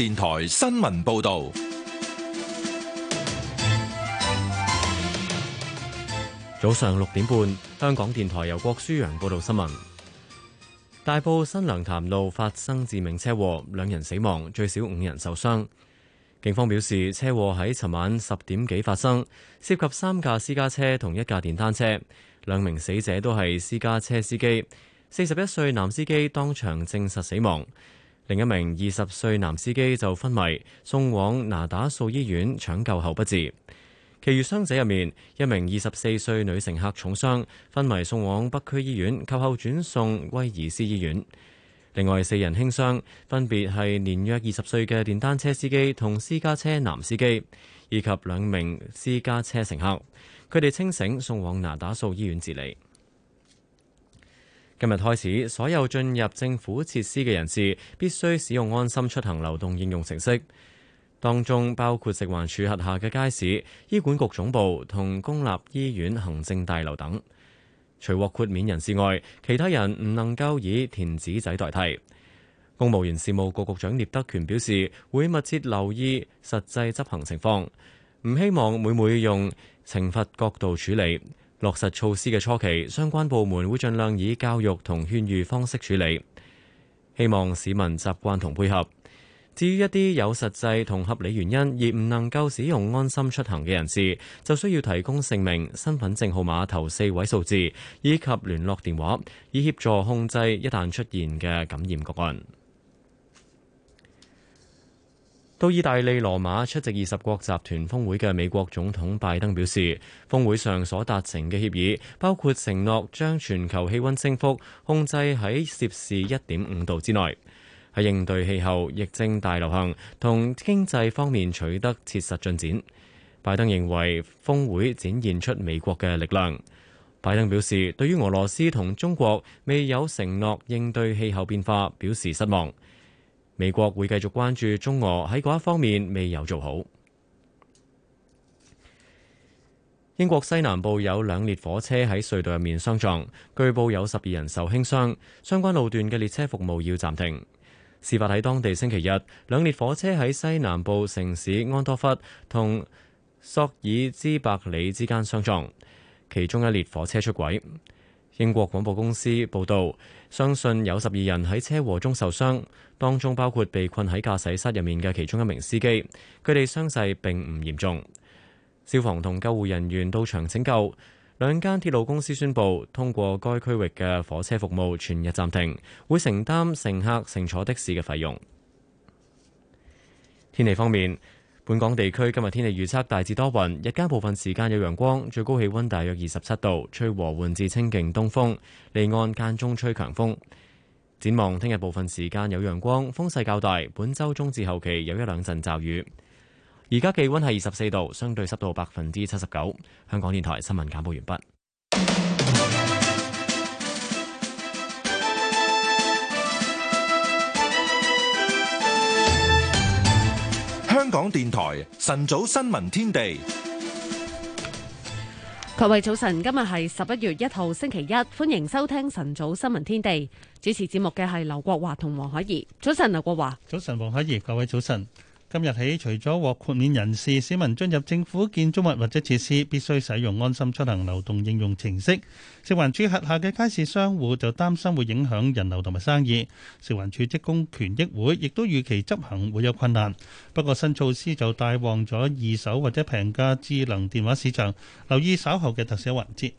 電台新聞報道：早上六點半，香港電台由郭舒揚報道新聞。大埔新娘潭路發生致命車禍，兩人死亡，最少五人受傷。警方表示，車禍喺尋晚十點幾發生，涉及三架私家車同一架電單車，兩名死者都係私家車司機，四十一歲男司機當場證實死亡。另一名二十歲男司機就昏迷，送往拿打素醫院搶救後不治。其餘傷者入面，一名二十四歲女乘客重傷，昏迷送往北區醫院，及後轉送威爾斯醫院。另外四人輕傷，分別係年約二十歲嘅電單車司機同私家車男司機，以及兩名私家車乘客。佢哋清醒，送往拿打素醫院治理。今日開始，所有進入政府設施嘅人士必須使用安心出行流動應用程式。當中包括食環署轄下嘅街市、醫管局總部同公立醫院行政大樓等。除獲豁免人士外，其他人唔能夠以填紙仔代替。公務員事務局局長聶德權表示，會密切留意實際執行情況，唔希望每每用懲罰角度處理。落實措施嘅初期，相關部門會盡量以教育同勸喻方式處理，希望市民習慣同配合。至於一啲有實際同合理原因而唔能夠使用安心出行嘅人士，就需要提供姓名、身份證號碼頭四位數字以及聯絡電話，以協助控制一旦出現嘅感染個案。到意大利羅馬出席二十國集團峰會嘅美國總統拜登表示，峰會上所達成嘅協議包括承諾將全球氣温升幅控制喺攝氏一點五度之內，喺應對氣候疫症大流行同經濟方面取得切實進展。拜登認為峰會展現出美國嘅力量。拜登表示，對於俄羅斯同中國未有承諾應對氣候變化表示失望。美國會繼續關注中俄喺嗰一方面未有做好。英國西南部有兩列火車喺隧道入面相撞，據報有十二人受輕傷，相關路段嘅列車服務要暫停。事發喺當地星期日，兩列火車喺西南部城市安多弗同索爾茲伯里之間相撞，其中一列火車出軌。英國廣播公司報道，相信有十二人喺車禍中受傷，當中包括被困喺駕駛室入面嘅其中一名司機。佢哋傷勢並唔嚴重，消防同救護人員到場拯救。兩間鐵路公司宣布，通過該區域嘅火車服務全日暫停，會承擔乘客乘坐的士嘅費用。天氣方面。本港地區今日天氣預測大致多雲，日間部分時間有陽光，最高氣温大約二十七度，吹和緩至清勁東風，離岸間中吹強風。展望聽日部分時間有陽光，風勢較大。本周中至後期有一兩陣驟雨。而家氣温係二十四度，相對濕度百分之七十九。香港電台新聞簡報完畢。香港電台晨早新聞天地，各位早晨，今日係十一月一號星期一，歡迎收聽晨早新聞天地。主持節目嘅係劉國華同黃海怡。早晨，劉國華。早晨，黃海怡。各位早晨。今日起，除咗獲豁免人士，市民進入政府建築物或者設施，必須使用安心出行流動應用程式。食環署轄下嘅街市商戶就擔心會影響人流同埋生意。食環署職工權益會亦都預期執行會有困難。不過新措施就帶旺咗二手或者平價智能電話市場。留意稍後嘅特寫環節。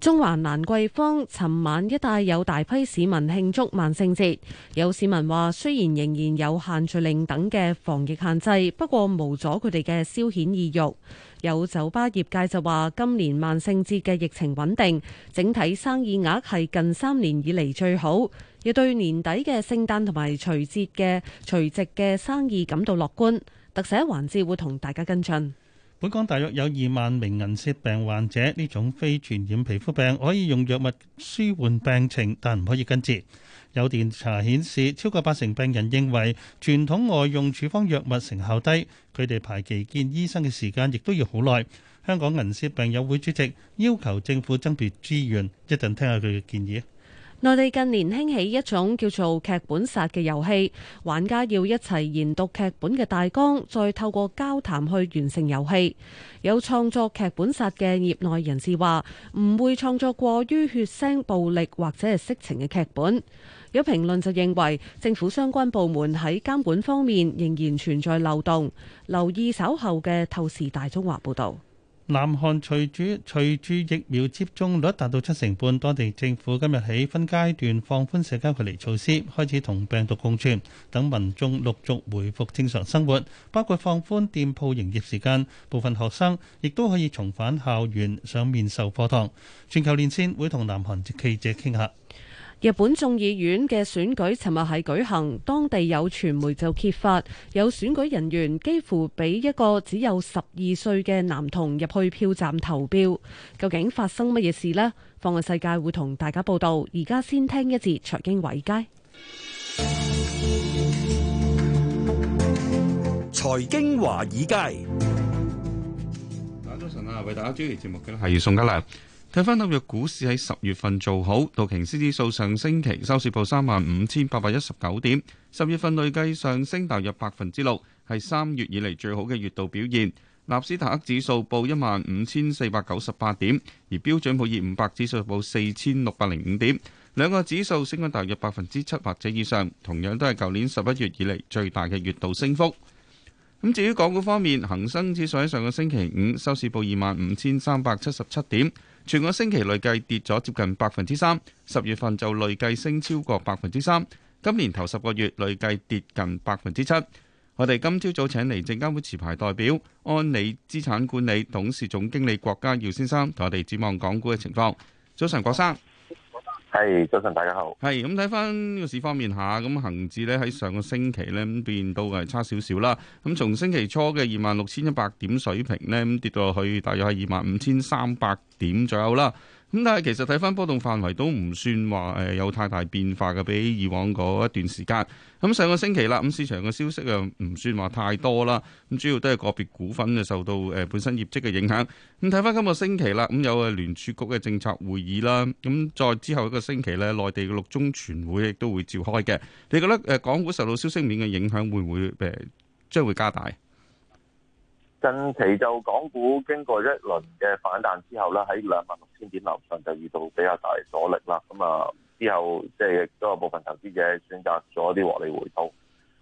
中環蘭桂坊尋晚一帶有大批市民慶祝萬聖節，有市民話雖然仍然有限聚令等嘅防疫限制，不過無阻佢哋嘅消遣意欲。有酒吧業界就話今年萬聖節嘅疫情穩定，整體生意額係近三年以嚟最好，亦對年底嘅聖誕同埋除節嘅除夕嘅生意感到樂觀。特寫環節會同大家跟進。本港大約有二萬名銀屑病患者，呢種非傳染皮膚病可以用藥物舒緩病情，但唔可以根治。有調查顯示，超過八成病人認為傳統外用處方藥物成效低，佢哋排期見醫生嘅時間亦都要好耐。香港銀屑病友會主席要求政府增撥資源，一陣聽下佢嘅建議。內地近年興起一種叫做劇本殺嘅遊戲，玩家要一齊研讀劇本嘅大綱，再透過交談去完成遊戲。有創作劇本殺嘅業內人士話，唔會創作過於血腥、暴力或者係色情嘅劇本。有評論就認為，政府相關部門喺監管方面仍然存在漏洞。留意稍後嘅透視大中華報道。南韓隨住隨住疫苗接種率達到七成半，當地政府今日起分階段放寬社交距離措施，開始同病毒共存，等民眾陸續回復正常生活，包括放寬店鋪營業時間，部分學生亦都可以重返校園，上面授課堂。全球連線會同南韓記者傾下。日本眾議院嘅選舉尋日係舉行，當地有傳媒就揭發有選舉人員幾乎俾一個只有十二歲嘅男童入去票站投票，究竟發生乜嘢事呢？放眼世界會同大家報道，而家先聽一節財經華爾街。財經華爾街，早晨啊，為大家主持節目嘅係宋嘉麗。睇翻紐約股市喺十月份做好道瓊斯指數上星期收市報三萬五千八百一十九點，十月份累計上升大約百分之六，係三月以嚟最好嘅月度表現。納斯達克指數報一萬五千四百九十八點，而標準普爾五百指數報四千六百零五點，兩個指數升緊大約百分之七或者以上，同樣都係舊年十一月以嚟最大嘅月度升幅。咁至於港股方面，恒生指數喺上個星期五收市報二萬五千三百七十七點。全個星期累計跌咗接近百分之三，十月份就累計升超過百分之三，今年頭十個月累計跌近百分之七。我哋今朝早請嚟證監會持牌代表安理資產管理董事總經理郭家耀先生同我哋展望港股嘅情況。早晨，郭生。係早晨，大家好。係咁睇翻呢個市方面下，咁恒指咧喺上個星期咧，咁變到係差少少啦。咁從星期初嘅二萬六千一百點水平咧，咁跌到去大約係二萬五千三百點左右啦。咁但係其實睇翻波動範圍都唔算話誒有太大變化嘅，比以往嗰一段時間。咁上個星期啦，咁市場嘅消息又唔算話太多啦。咁主要都係個別股份啊受到誒本身業績嘅影響。咁睇翻今個星期啦，咁有誒聯儲局嘅政策會議啦。咁再之後一個星期咧，內地嘅六中全會亦都會召開嘅。你覺得誒港股受到消息面嘅影響會唔會誒即係會加大？近期就港股經過一輪嘅反彈之後咧，喺兩萬六千點樓上就遇到比較大阻力啦。咁、嗯、啊之後，即係都有部分投資者選擇咗啲獲利回吐，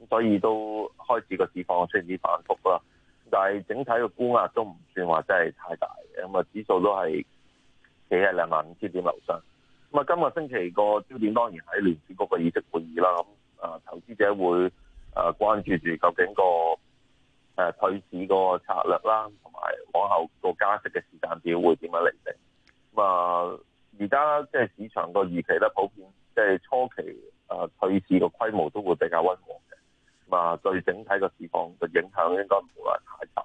咁所以都開始個市況出現啲反復啦。但係整體個沽壓都唔算話真係太大，咁、嗯、啊指數都係企喺兩萬五千點樓上。咁、嗯、啊，今個星期個焦點當然喺聯儲局嘅議息會議啦。咁啊，投資者會啊關注住究竟個。誒，退市個策略啦，同埋往後個加息嘅時間表會點樣嚟定？咁啊，而家即係市場個預期咧，普遍即係初期誒退市個規模都會比較溫和嘅。咁啊，對整體個市況嘅影響應該唔會話太大。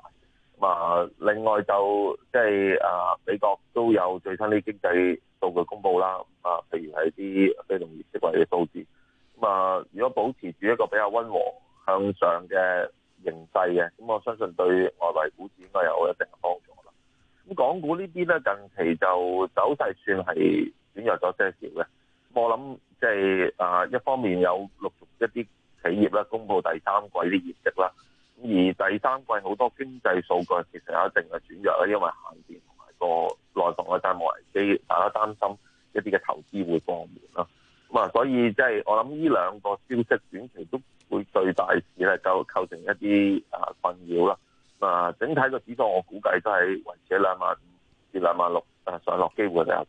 咁啊，另外就即係啊，美國都有最新啲經濟數據公布啦。啊，譬如係啲非農就業嘅數字。咁啊，如果保持住一個比較溫和向上嘅。形勢嘅，咁我相信對外圍股市應該有一定嘅幫助啦。咁港股這些呢邊咧，近期就走勢算係轉弱咗些少嘅。我諗即係啊，一方面有陸續一啲企業啦，公布第三季啲業績啦。咁而第三季好多經濟數據其實有一定嘅轉弱啦，因為限電同埋個內房嘅債務危機，大家擔心一啲嘅投資會放緩啦。咁啊，所以即係、就是、我諗呢兩個消息短期都。會對大市咧構構成一啲啊困擾啦，啊整體個指數我估計都係維持兩萬五至兩萬六啊上落機會嘅。嗱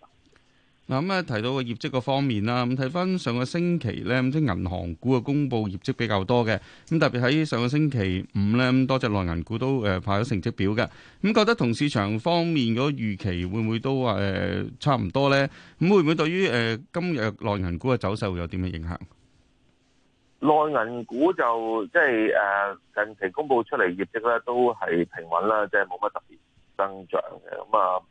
咁咧提到個業績個方面啦，咁睇翻上個星期咧，咁即銀行股嘅公布業績比較多嘅，咁特別喺上個星期五咧，咁多隻內銀股都誒派咗成績表嘅，咁覺得同市場方面個預期會唔會都話誒差唔多咧？咁會唔會對於誒今日內銀股嘅走勢會有啲咩影響？內銀股就即係誒，近期公布出嚟業績咧，都係平穩啦，即係冇乜特別增長嘅。咁啊，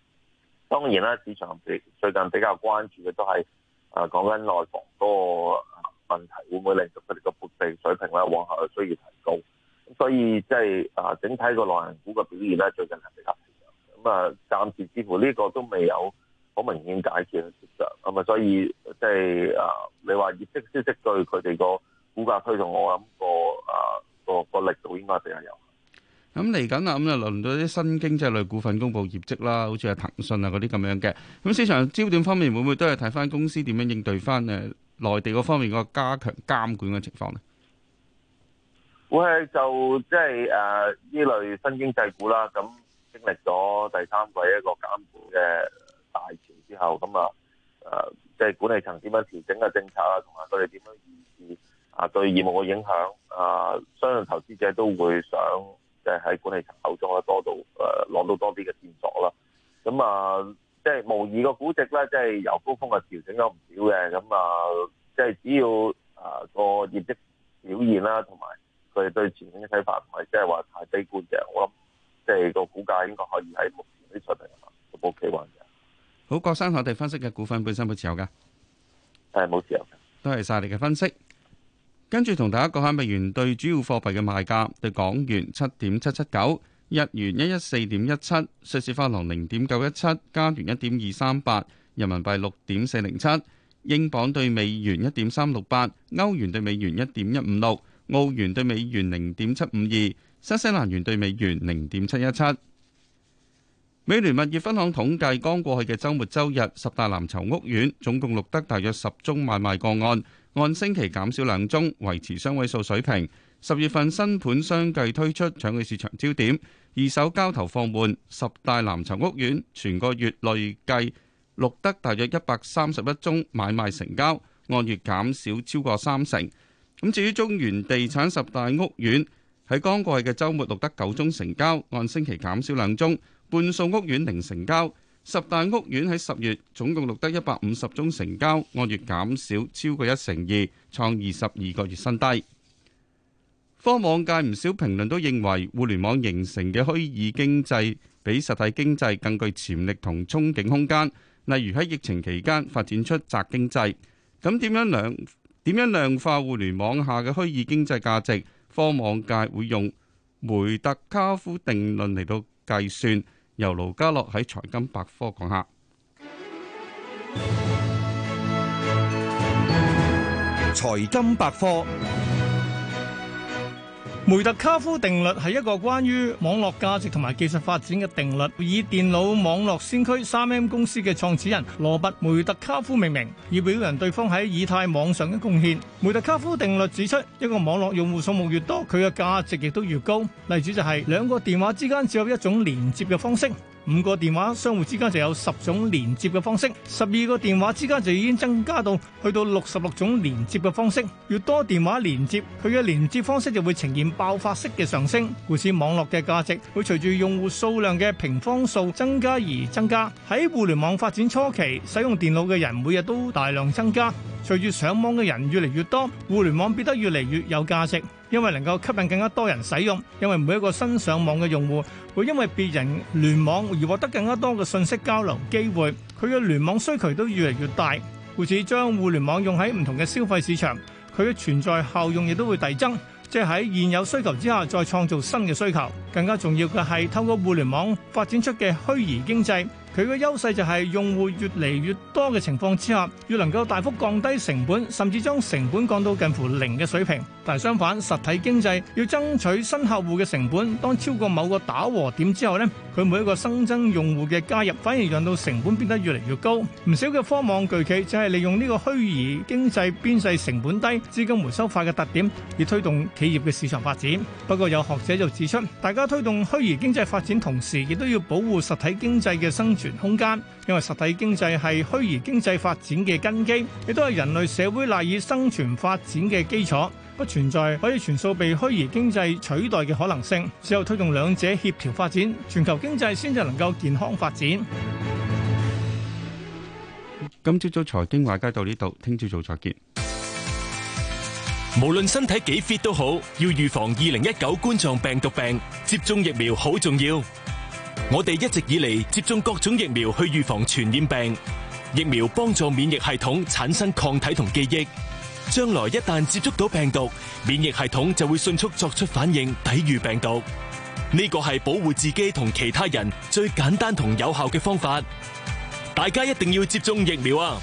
當然啦，市場最近比較關注嘅都係誒，講緊內房嗰個問題，會唔會令到佢哋個撥備水平咧，往後需要提高？咁所以即係啊，整體個內銀股嘅表現咧，最近係比較平。咁啊，暫時似乎呢個都未有好明顯解決，咁啊，所以即係啊，你話業績消息對佢哋個股價推動，我諗個誒個個力度應該比較有。咁嚟緊啊，咁就輪到啲新經濟類股份公布業績啦，好似係騰訊啊嗰啲咁樣嘅。咁市場焦點方面，會唔會都係睇翻公司點樣應對翻誒內地嗰方面個加強監管嘅情況咧？會係就即係誒呢類新經濟股啦，咁、啊、經歷咗第三季一個監管嘅大潮之後，咁啊誒即係管理層點樣調整個政策啊，同埋佢哋點樣預啊，對業務嘅影響，啊，相信投資者都會想即係喺管理層口中咧多到，誒、啊，攞到多啲嘅線索啦。咁啊，即係無疑個估值咧，即係由高峰嘅調整咗唔少嘅。咁啊，即係只要啊個業績表現啦，同埋佢哋對前景嘅睇法唔係即係話太悲觀嘅，我諗即係個股價應該可以喺目前呢水平做冇企穩嘅。好，郭生，我哋分析嘅股份本身有冇持有噶？係冇持有。多謝晒你嘅分析。跟住同大家講下，美元對主要貨幣嘅賣價：對港元七點七七九，日元一一四點一七，瑞士法郎零點九一七，加元一點二三八，人民幣六點四零七，英鎊對美元一點三六八，歐元對美元一點一五六，澳元對美元零點七五二，新西蘭元對美元零點七一七。美聯物業分行統計，剛過去嘅週末週日，十大藍籌屋苑總共錄得大約十宗買賣個案。按星期減少兩宗，維持雙位數水平。十月份新盤相繼推出，搶去市場焦點。二手交投放緩，十大藍籌屋苑全個月累計錄得大約一百三十一宗買賣成交，按月減少超過三成。咁至於中原地產十大屋苑喺剛過去嘅週末錄得九宗成交，按星期減少兩宗，半數屋苑零成交。十大屋苑喺十月總共錄得一百五十宗成交，按月減少超過一成二，創二十二個月新低。科網界唔少評論都認為，互聯網形成嘅虛擬經濟比實體經濟更具潛力同憧憬空間。例如喺疫情期間發展出宅經濟，咁點樣量點樣量化互聯網下嘅虛擬經濟價值？科網界會用梅特卡夫定論嚟到計算。由盧家樂喺財金百科講下，財金百科。梅特卡夫定律係一個關於網絡價值同埋技術發展嘅定律，以電腦網絡先驅三 M 公司嘅創始人羅拔梅特卡夫命名，以表揚對方喺以太網上嘅貢獻。梅特卡夫定律指出，一個網絡用戶數目越多，佢嘅價值亦都越高。例子就係兩個電話之間只有一種連接嘅方式。五個電話相互之間就有十種連接嘅方式，十二個電話之間就已經增加到去到六十六種連接嘅方式。越多電話連接，佢嘅連接方式就會呈現爆發式嘅上升。故此網絡嘅價值會隨住用戶數量嘅平方數增加而增加。喺互聯網發展初期，使用電腦嘅人每日都大量增加，隨住上網嘅人越嚟越多，互聯網變得越嚟越有價值。因為能夠吸引更加多人使用，因為每一個新上網嘅用戶，會因為別人聯網而獲得更加多嘅信息交流機會，佢嘅聯網需求都越嚟越大。故此將互聯網用喺唔同嘅消費市場，佢嘅存在效用亦都會遞增，即係喺現有需求之下再創造新嘅需求。更加重要嘅係透過互聯網發展出嘅虛擬經濟。佢嘅優勢就係用戶越嚟越多嘅情況之下，越能夠大幅降低成本，甚至將成本降到近乎零嘅水平。但相反，實體經濟要爭取新客戶嘅成本，當超過某個打和點之後呢，佢每一個新增用戶嘅加入，反而讓到成本變得越嚟越高。唔少嘅科網巨企就係利用呢個虛擬經濟邊際成本低、資金回收快嘅特點，而推動企業嘅市場發展。不過有學者就指出，大家推動虛擬經濟發展同時，亦都要保護實體經濟嘅生存空間，因為實體經濟係虛擬經濟發展嘅根基，亦都係人類社會賴以生存發展嘅基礎，不存在可以全數被虛擬經濟取代嘅可能性。只有推動兩者協調發展，全球經濟先至能夠健康發展。今朝早財經話家到呢度，聽朝早再見。無論身體幾 fit 都好，要預防二零一九冠狀病毒病，接種疫苗好重要。我哋一直以嚟接種各種疫苗去預防傳染病，疫苗幫助免疫系統產生抗體同記憶。將來一旦接觸到病毒，免疫系統就會迅速作出反應，抵禦病毒。呢個係保護自己同其他人最簡單同有效嘅方法。大家一定要接種疫苗啊！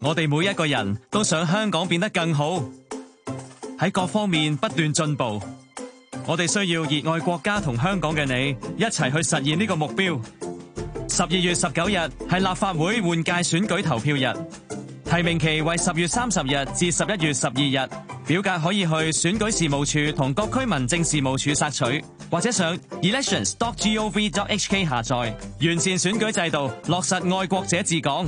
我哋每一個人都想香港變得更好，喺各方面不斷進步。我哋需要熱愛國家同香港嘅你一齊去實現呢個目標。十二月十九日係立法會換屆選舉投票日，提名期為十月三十日至十一月十二日，表格可以去選舉事務處同各區民政事務處索取，或者上 elections.gov.hk 下載。完善選舉制度，落實愛國者治港。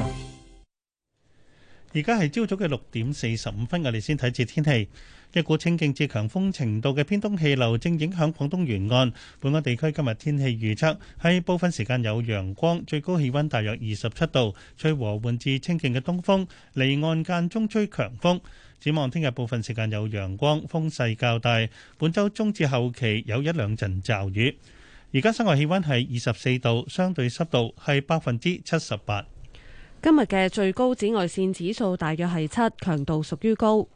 而家係朝早嘅六點四十五分，我哋先睇次天氣。一股清勁至強風程度嘅偏東氣流正影響廣東沿岸，本港地區今日天，天氣預測喺部分時間有陽光，最高氣温大約二十七度，吹和緩至清勁嘅東風，離岸間中吹強風。展望聽日部分時間有陽光，風勢較大。本週中至後期有一兩陣驟雨。而家室外氣温係二十四度，相對濕度係百分之七十八。今日嘅最高紫外線指數大約係七，強度屬於高。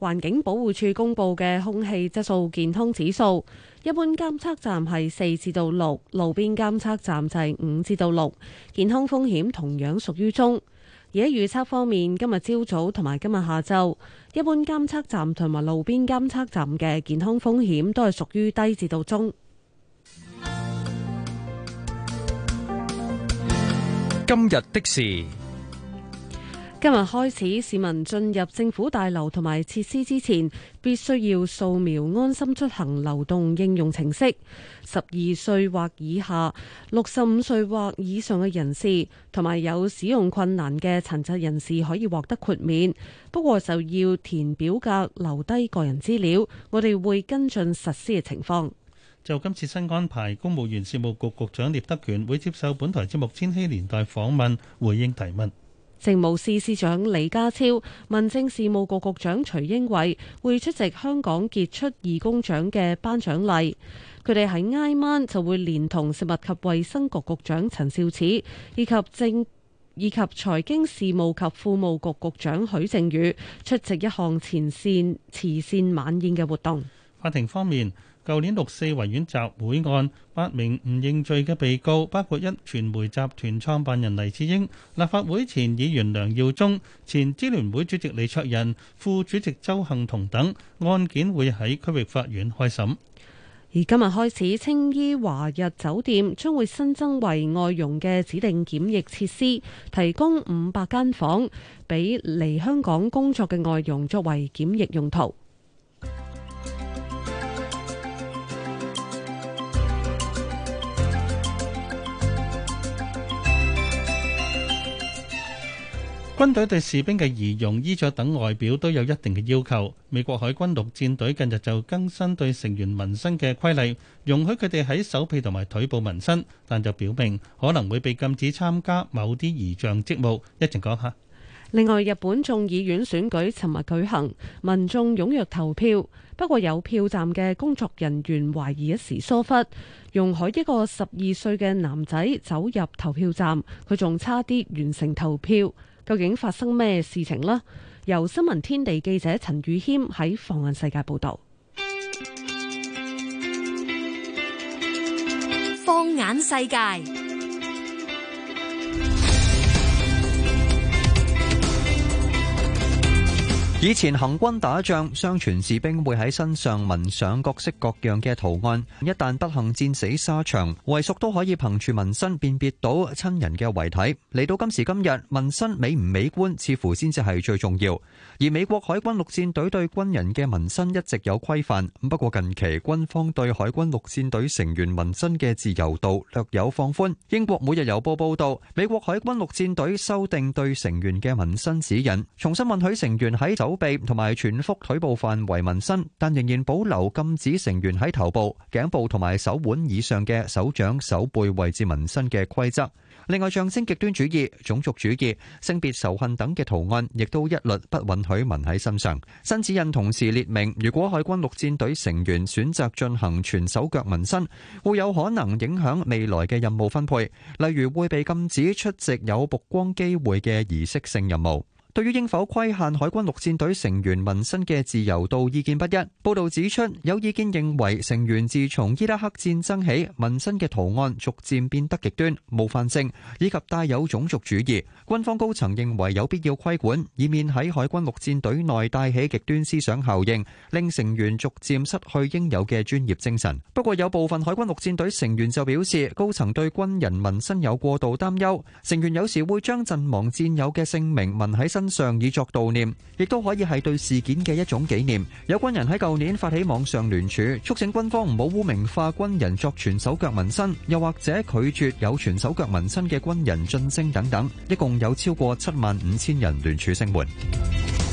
環境保護署公布嘅空氣質素健康指數，一般監測站係四至到六，路邊監測站就係五至到六，健康風險同樣屬於中。而喺預測方面，今日朝早同埋今日下晝，一般監測站同埋路邊監測站嘅健康風險都係屬於低至到中。今日的事。今日開始，市民進入政府大樓同埋設施之前，必須要掃描安心出行流動應用程式。十二歲或以下、六十五歲或以上嘅人士，同埋有使用困難嘅殘疾人士可以獲得豁免，不過就要填表格留低個人資料。我哋會跟進實施嘅情況。就今次新安排，公務員事務局局，局長聶德權會接受本台節目《千禧年代》訪問，回應提問。政務司司長李家超、民政事務局局長徐英偉會出席香港傑出義工獎嘅頒獎禮，佢哋喺挨晚就會連同食物及衛生局局長陳肇始以及政以及財經事務及庫務局局長許正宇出席一項前線慈善晚宴嘅活動。法庭方面。舊年六四維園集會案，八名唔認罪嘅被告，包括一傳媒集團創辦人黎智英、立法會前議員梁耀忠、前支聯會主席李卓人、副主席周幸彤等，案件會喺區域法院開審。而今日開始，青衣華日酒店將會新增為外傭嘅指定檢疫設施，提供五百間房俾嚟香港工作嘅外傭作為檢疫用途。軍隊對士兵嘅儀容、衣著等外表都有一定嘅要求。美國海軍陸戰隊近日就更新對成員紋身嘅規例，容許佢哋喺手臂同埋腿部紋身，但就表明可能會被禁止參加某啲儀仗職務。一陣講下。另外，日本眾議院選舉尋日舉行，民眾踴躍投票，不過有票站嘅工作人員懷疑一時疏忽，容許一個十二歲嘅男仔走入投票站，佢仲差啲完成投票。究竟發生咩事情呢？由新聞天地記者陳宇謙喺放眼世界報道。放眼世界。以前行軍打仗，相傳士兵會喺身上紋上各式各樣嘅圖案，一旦不幸戰死沙場，遺屬都可以手臂同埋全幅腿部範圍紋身，但仍然保留禁止成員喺頭部、頸部同埋手腕以上嘅手掌、手背位置紋身嘅規則。另外，象徵極端主義、種族主義、性別仇恨等嘅圖案，亦都一律不允許紋喺身上。新指引同時列明，如果海軍陸戰隊成員選擇進行全手腳紋身，會有可能影響未來嘅任務分配，例如會被禁止出席有曝光機會嘅儀式性任務。對於應否規限海軍陸戰隊成員紋身嘅自由度，意見不一。報道指出，有意見認為成員自從伊拉克戰爭起，紋身嘅圖案逐漸變得極端、冒犯性以及帶有種族主義。軍方高層認為有必要規管，以免喺海軍陸戰隊內帶起極端思想效應，令成員逐漸失去應有嘅專業精神。不過，有部分海軍陸戰隊成員就表示，高層對軍人紋身有過度擔憂，成員有時會將陣亡戰友嘅姓名紋喺身上以作悼念，亦都可以係對事件嘅一種紀念。有軍人喺舊年發起網上聯署，促請軍方唔好污名化軍人作全手腳紋身，又或者拒絕有全手腳紋身嘅軍人晉升等等，一共有超過七萬五千人聯署聲援。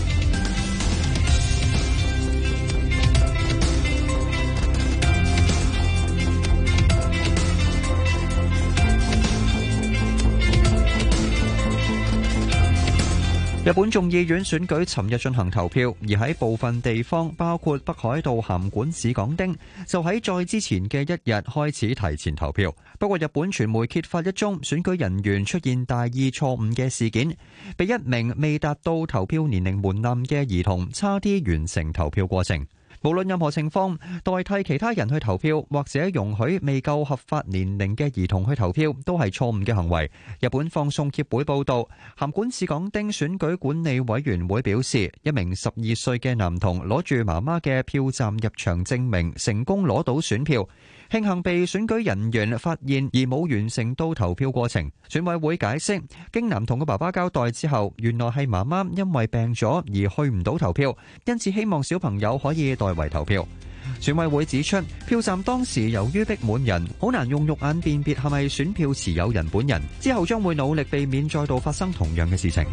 日本眾議院選舉尋日進行投票，而喺部分地方，包括北海道函館市港町，就喺再之前嘅一日開始提前投票。不過，日本傳媒揭發一宗選舉人員出現大意錯誤嘅事件，被一名未達到投票年齡門檻嘅兒童差啲完成投票過程。無論任何情況，代替其他人去投票，或者容許未夠合法年齡嘅兒童去投票，都係錯誤嘅行為。日本放送協會報道，函館市港町選舉管理委員會表示，一名十二歲嘅男童攞住媽媽嘅票站入場證明，成功攞到選票。慶幸被選舉人員發現而冇完成到投票過程，選委會解釋經男童個爸爸交代之後，原來係媽媽因為病咗而去唔到投票，因此希望小朋友可以代為投票。選委會指出，票站當時由於逼滿人，好難用肉眼辨別係咪選票持有人本人，之後將會努力避免再度發生同樣嘅事情。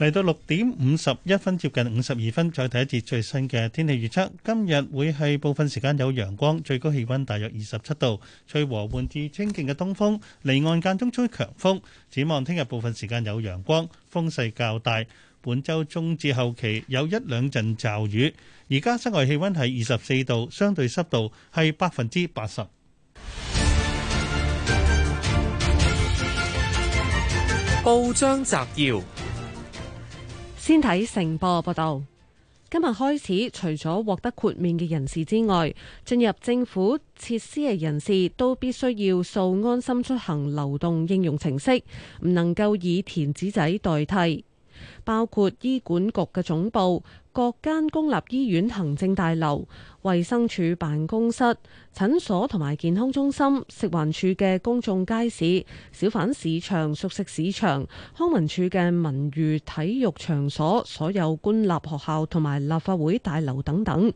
嚟到六點五十一分，接近五十二分，再睇一節最新嘅天氣預測。今日會係部分時間有陽光，最高氣温大約二十七度，吹和緩至清勁嘅東風，離岸間中吹強風。展望聽日部分時間有陽光，風勢較大。本周中至後期有一兩陣驟雨。而家室外氣温係二十四度，相對濕度係百分之八十。報章摘要。先睇《成報》報道，今日開始，除咗獲得豁免嘅人士之外，進入政府設施嘅人士都必須要掃安心出行流動應用程式，唔能夠以填紙仔代替。包括醫管局嘅總部、各間公立醫院行政大樓、衛生署辦公室、診所同埋健康中心、食環署嘅公眾街市、小販市場、熟食市場、康文署嘅文娛體育場所、所有官立學校同埋立法會大樓等等。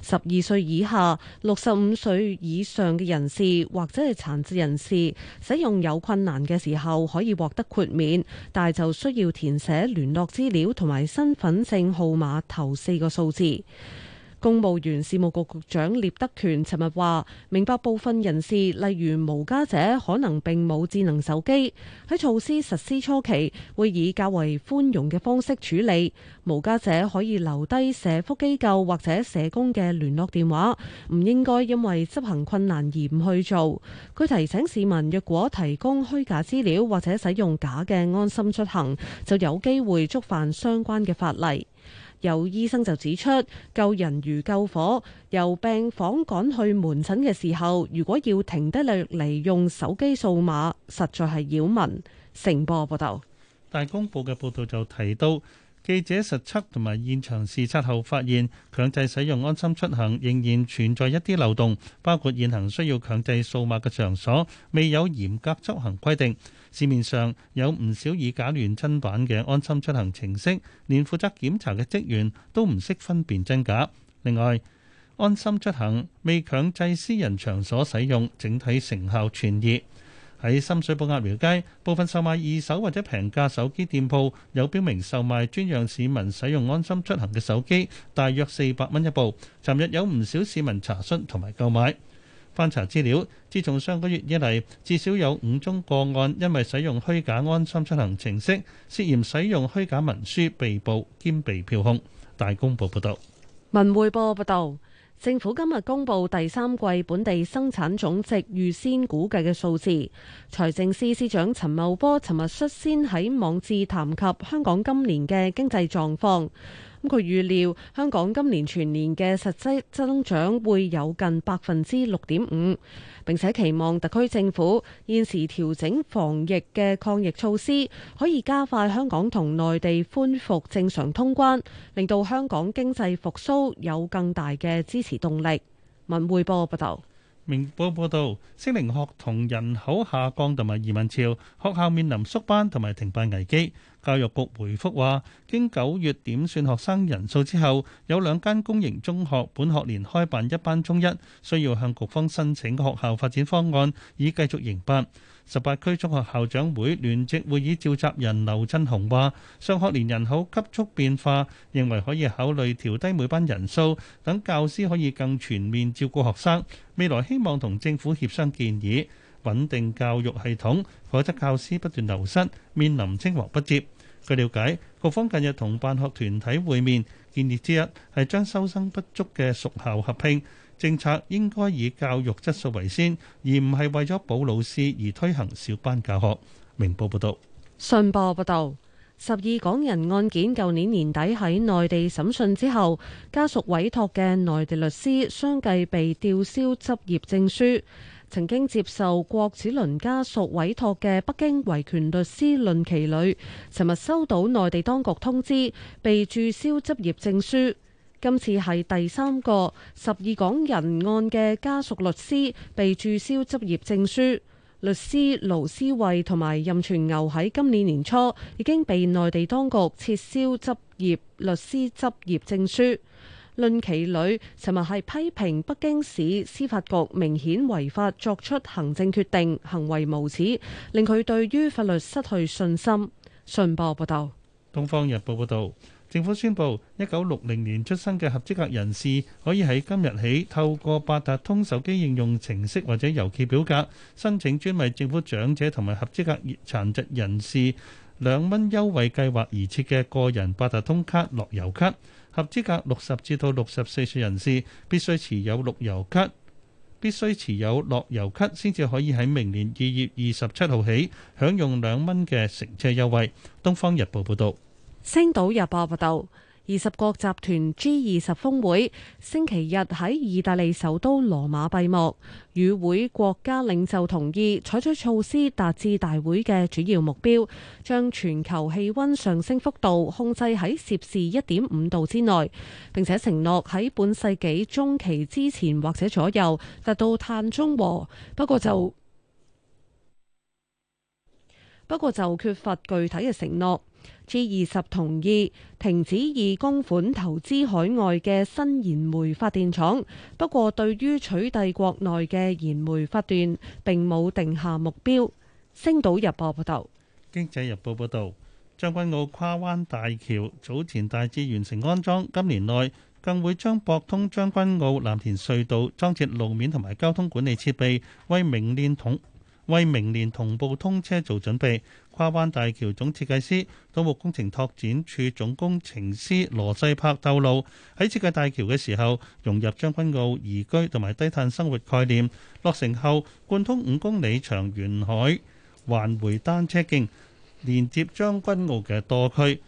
十二歲以下、六十五歲以上嘅人士或者係殘疾人士使用有困難嘅時候，可以獲得豁免，但係就需要填寫聯絡資料同埋身份證號碼頭四個數字。公務員事務局局長聶德權尋日話：明白部分人士例如無家者可能並冇智能手機，喺措施實施初期會以較為寬容嘅方式處理。無家者可以留低社福機構或者社工嘅聯絡電話，唔應該因為執行困難而唔去做。佢提醒市民，若果提供虛假資料或者使用假嘅安心出行，就有機會觸犯相關嘅法例。有醫生就指出，救人如救火，由病房趕去門診嘅時候，如果要停低落嚟用手機掃碼，實在係擾民。成播》報道，大公報嘅報道就提到，記者實測同埋現場視察後發現，強制使用安心出行仍然存在一啲漏洞，包括現行需要強制掃碼嘅場所未有嚴格執行規定。市面上有唔少以假亂真版嘅安心出行程式，連負責檢查嘅職員都唔識分辨真假。另外，安心出行未強制私人場所使用，整體成效存疑。喺深水埗鴨寮街，部分售賣二手或者平價手機店鋪有標明售賣專讓市民使用安心出行嘅手機，大約四百蚊一部。尋日有唔少市民查詢同埋購買。翻查資料，自從上個月以嚟，至少有五宗個案因為使用虛假安心出行程式，涉嫌使用虛假文書被捕兼被票控。大公報報道，文匯報報道：「政府今日公布第三季本地生產總值預先估計嘅數字。財政司司長陳茂波尋日率先喺網誌談及香港今年嘅經濟狀況。佢預料香港今年全年嘅實際增長會有近百分之六點五，並且期望特區政府現時調整防疫嘅抗疫措施，可以加快香港同內地恢復正常通關，令到香港經濟復甦有更大嘅支持動力。文匯報報道。明報報道，適齡學童人口下降同埋移民潮，學校面臨縮班同埋停辦危機。教育局回覆話，經九月點算學生人數之後，有兩間公營中學本學年開辦一班中一，需要向局方申請學校發展方案，以繼續營辦。十八區中學校長會聯席會議召集人劉振雄話，上學年人口急速變化，認為可以考慮調低每班人數，等教師可以更全面照顧學生。未來希望同政府協商建議，穩定教育系統，否則教師不斷流失，面臨青黃不接。據了解，局方近日同辦學團體會面，建議之一係將收生不足嘅屬校合併。政策應該以教育質素為先，而唔係為咗保老師而推行小班教學。明報報道，信報報道，十二港人案件舊年年底喺內地審訊之後，家屬委託嘅內地律師相繼被吊銷執業證書。曾經接受郭子麟家屬委託嘅北京維權律師論其女，尋日收到內地當局通知，被註銷執業證書。今次係第三個十二港人案嘅家屬律師被註銷執業證書。律師盧思慧同埋任全牛喺今年年初已經被內地當局撤銷執業律師執業證書。論其女，琴日係批評北京市司法局明顯違法作出行政決定，行為無恥，令佢對於法律失去信心。信報報道，《東方日報》報道。政府宣布，一九六零年出生嘅合資格人士可以喺今日起透過八達通手機應用程式或者郵寄表格申請專為政府長者同埋合資格殘疾人士兩蚊優惠計劃而設嘅個人八達通卡樂悠卡。合資格六十至到六十四歲人士必須持有樂悠卡，必須持有樂悠卡先至可以喺明年二月二十七號起享用兩蚊嘅乘車優惠。《東方日報》報道。星島日報報道，二十國集團 G 二十峰會星期日喺意大利首都羅馬閉幕，與會國家領袖同意採取措施達至大會嘅主要目標，將全球氣溫上升幅度控制喺攝氏一點五度之內，並且承諾喺本世紀中期之前或者左右達到碳中和。不過就……不過就缺乏具體嘅承諾。G 二十同意停止以公款投資海外嘅新燃煤發電廠，不過對於取締國內嘅燃煤發電並冇定下目標。星島日報報道，經濟日報報道，將軍澳跨灣大橋早前大致完成安裝，今年內更會將駁通將軍澳藍田隧道裝設路面同埋交通管理設備，為明年通。為明年同步通車做準備，跨灣大橋總設計師、土木工程拓展處總工程師羅世柏透露，喺設計大橋嘅時候，融入將軍澳宜居同埋低碳生活概念。落成後貫通五公里長沿海環回單車徑，連接將軍澳嘅多區，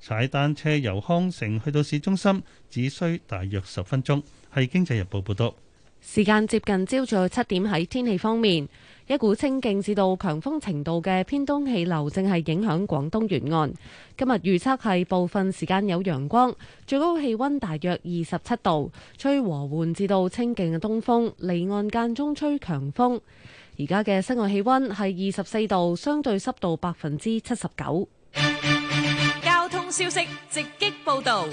踩單車由康城去到市中心只需大約十分鐘。係《經濟日報》報道。時間接近朝早七點，喺天氣方面。一股清勁至到強風程度嘅偏東氣流正係影響廣東沿岸，今日預測係部分時間有陽光，最高氣温大約二十七度，吹和緩至到清勁嘅東風，離岸間中吹強風。而家嘅室外氣温係二十四度，相對濕度百分之七十九。交通消息直擊報道。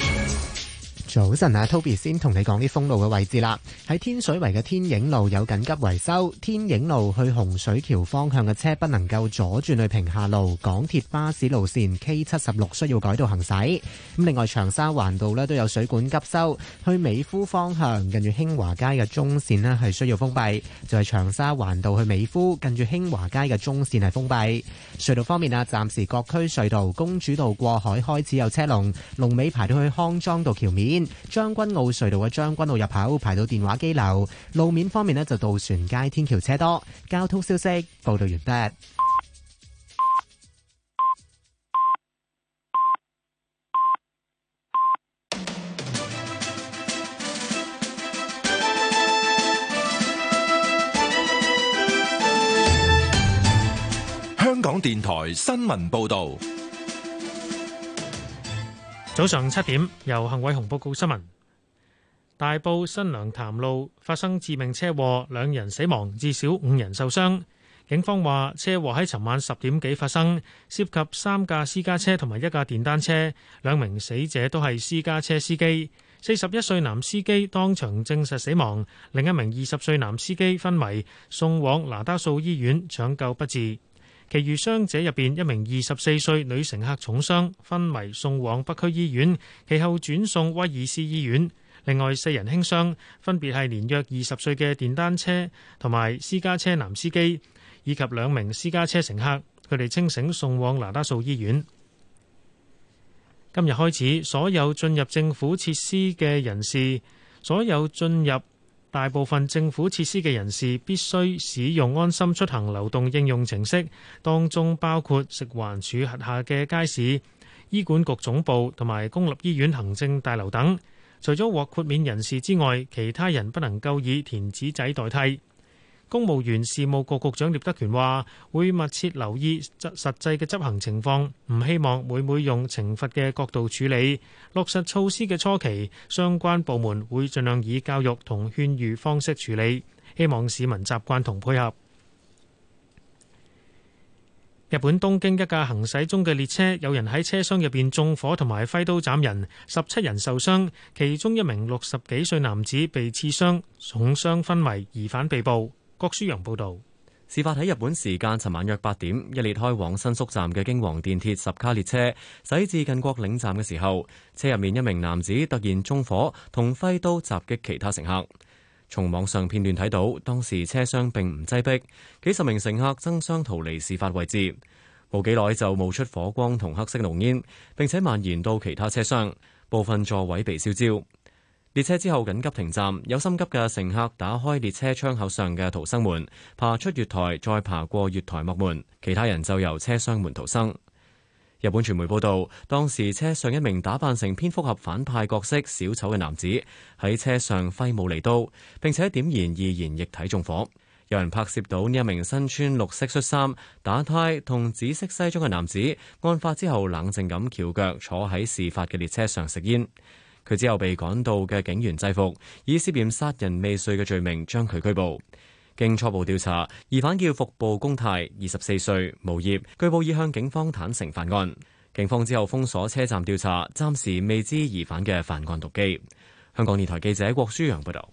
早晨啊，Toby 先同你講啲封路嘅位置啦。喺天水圍嘅天影路有緊急維修，天影路去洪水橋方向嘅車不能夠左轉去平下路。港鐵巴士路線 K 七十六需要改道行駛。咁另外長沙環道呢都有水管急修，去美孚方向，近住興華街嘅中線呢係需要封閉。就係長沙環道去美孚，近住興華街嘅中線係封閉。隧道方面啊，暫時各區隧道，公主道過海開始有車龍，龍尾排到去康莊道橋面。將軍澳隧道嘅將軍澳入口排到電話機樓，路面方面呢就渡船街天橋車多。交通消息報道完畢。香港電台新聞報道。早上七點，由幸偉紅報告新聞。大埔新娘潭路發生致命車禍，兩人死亡，至少五人受傷。警方話，車禍喺尋晚十點幾發生，涉及三架私家車同埋一架電單車，兩名死者都係私家車司機，四十一歲男司機當場證實死亡，另一名二十歲男司機昏迷，送往那打素醫院搶救不治。其餘傷者入面，一名二十四歲女乘客重傷，昏迷送往北區醫院，其後轉送威爾斯醫院。另外四人輕傷，分別係年約二十歲嘅電單車同埋私家車男司機，以及兩名私家車乘客，佢哋清醒送往那打素醫院。今日開始，所有進入政府設施嘅人士，所有進入，大部分政府設施嘅人士必須使用安心出行流動應用程式，當中包括食環署轄下嘅街市、醫管局總部同埋公立醫院行政大樓等。除咗獲豁免人士之外，其他人不能夠以填紙仔代替。公務員事務局局長聶德權話，會密切留意實際嘅執行情況，唔希望每每用懲罰嘅角度處理。落實措施嘅初期，相關部門會盡量以教育同勸喻方式處理，希望市民習慣同配合。日本東京一架行駛中嘅列車有人喺車廂入邊縱火同埋揮刀斬人，十七人受傷，其中一名六十幾歲男子被刺傷，重傷昏迷，疑犯被捕。郭舒陽報道，事發喺日本時間尋晚約八點，一列開往新宿站嘅京王電鐵十卡列車駛至近國領站嘅時候，車入面一名男子突然縱火，同揮刀襲擊其他乘客。從網上片段睇到，當時車廂並唔擠逼，幾十名乘客爭相逃離事發位置。冇幾耐就冒出火光同黑色濃煙，並且蔓延到其他車廂，部分座位被燒焦。列車之後緊急停站，有心急嘅乘客打開列車窗口上嘅逃生門，爬出月台，再爬過月台幕門；其他人就由車廂門逃生。日本傳媒報道，當時車上一名打扮成蝙蝠俠反派角色小丑嘅男子喺車上揮舞利刀，並且點燃易燃液體縱火。有人拍攝到呢一名身穿綠色恤衫、打呔同紫色西裝嘅男子，案發之後冷靜咁翹腳坐喺事發嘅列車上食煙。佢之後被趕到嘅警員制服，以涉嫌殺人未遂嘅罪名將佢拘捕。經初步調查，疑犯叫服部公泰，二十四歲，無業。據報已向警方坦承犯案。警方之後封鎖車站調查，暫時未知疑犯嘅犯案動機。香港電台記者郭舒揚報導。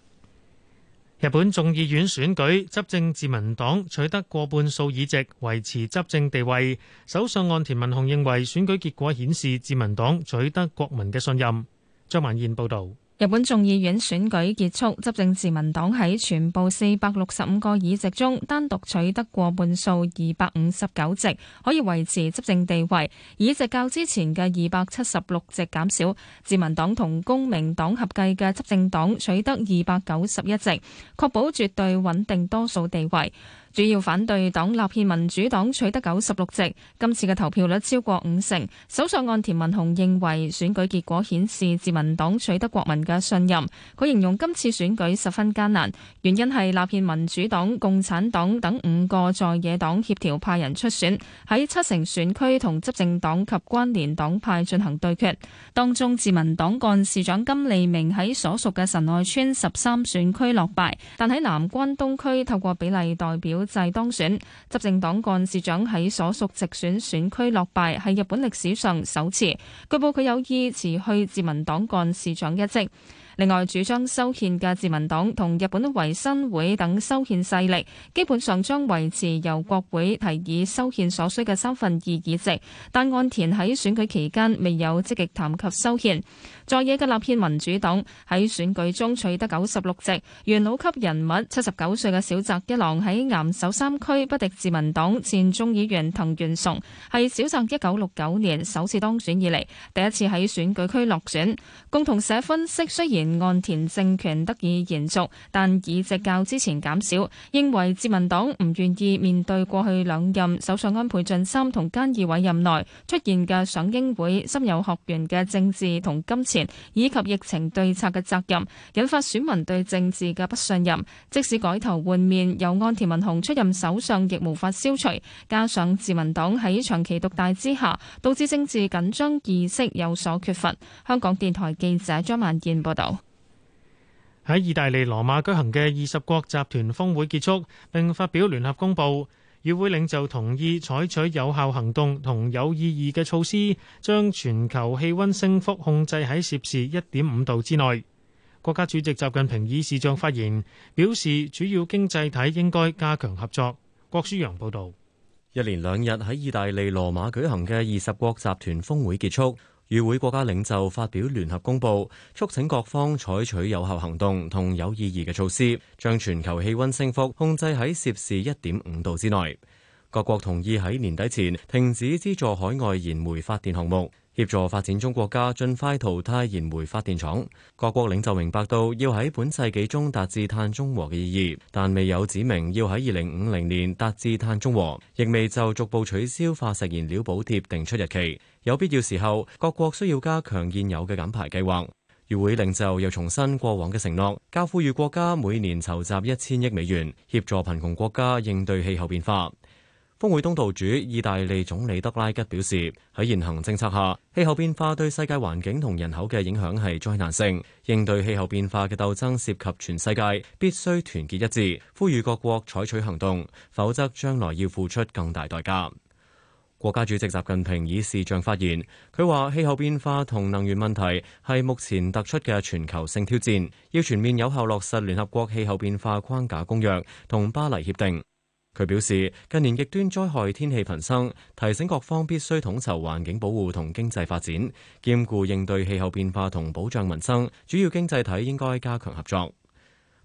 日本眾議院選舉，執政自民黨取得過半數議席，維持執政地位。首相岸田文雄認為選舉結果顯示自民黨取得國民嘅信任。張曼燕報道：日本眾議院選舉結束，執政自民黨喺全部四百六十五個議席中單獨取得過半數二百五十九席，可以維持執政地位。議席較之前嘅二百七十六席減少，自民黨同公明黨合計嘅執政黨取得二百九十一席，確保絕對穩定多數地位。主要反對黨立憲民主黨取得九十六席，今次嘅投票率超過五成。首相岸田文雄認為選舉結果顯示自民黨取得國民嘅信任，佢形容今次選舉十分艱難，原因係立憲民主黨、共產黨等五個在野黨協調派人出選，喺七成選區同執政黨及關聯黨派進行對決，當中自民黨幹事長金利明喺所屬嘅神奈川十三選區落敗，但喺南關東區透過比例代表制當選執政黨幹事長喺所屬直選選區落敗，係日本歷史上首次。據報佢有意辭去自民黨幹事長一職。另外，主張修憲嘅自民黨同日本維新會等修憲勢力，基本上將維持由國會提議修憲所需嘅三分二議席，但岸田喺選舉期間未有積極談及修憲。在野嘅立憲民主黨喺選舉中取得九十六席，元老級人物七十九歲嘅小澤一郎喺岩手三區不敵自民黨前眾議員藤原崇，係小澤一九六九年首次當選以嚟第一次喺選舉區落選。共同社分析，雖然岸田政權得以延續，但議席較之前減少，認為自民黨唔願意面對過去兩任首相安倍晉三同菅義偉任內出現嘅賞櫻會心有學員嘅政治同金錢。以及疫情對策嘅責任，引發選民對政治嘅不信任。即使改頭換面，由安田文雄出任首相，亦無法消除。加上自民黨喺長期獨大之下，導致政治緊張意識有所缺乏。香港電台記者張曼燕報道。喺意大利羅馬舉行嘅二十國集團峰會結束，並發表聯合公報。與會領袖同意採取有效行動同有意義嘅措施，將全球氣溫升幅控制喺攝氏一點五度之內。國家主席習近平以視像發言，表示主要經濟體應該加強合作。郭舒陽報道，一連兩日喺意大利羅馬舉行嘅二十國集團峰會結束。與會國家領袖發表聯合公佈，促請各方採取有效行動同有意義嘅措施，將全球氣温升幅控制喺攝氏一點五度之內。各國同意喺年底前停止資助海外燃煤發電項目。協助發展中國家盡快淘汰燃煤發電廠，各國領袖明白到要喺本世紀中達至碳中和嘅意義，但未有指明要喺二零五零年達至碳中和，亦未就逐步取消化石燃料補貼定出日期。有必要時候，各國需要加強現有嘅減排計劃。與會領袖又重申過往嘅承諾，較富裕國家每年籌集一千億美元協助貧窮國家應對氣候變化。峰會東道主意大利總理德拉吉表示，喺現行政策下，氣候變化對世界環境同人口嘅影響係災難性。應對氣候變化嘅鬥爭涉及全世界，必須團結一致，呼籲各國採取行動，否則將來要付出更大代價。國家主席習近平以視像發言，佢話氣候變化同能源問題係目前突出嘅全球性挑戰，要全面有效落實聯合國氣候變化框架公約同巴黎協定。佢表示，近年極端災害天氣頻生，提醒各方必須統籌環境保護同經濟發展，兼顧應對氣候變化同保障民生。主要經濟體應該加強合作。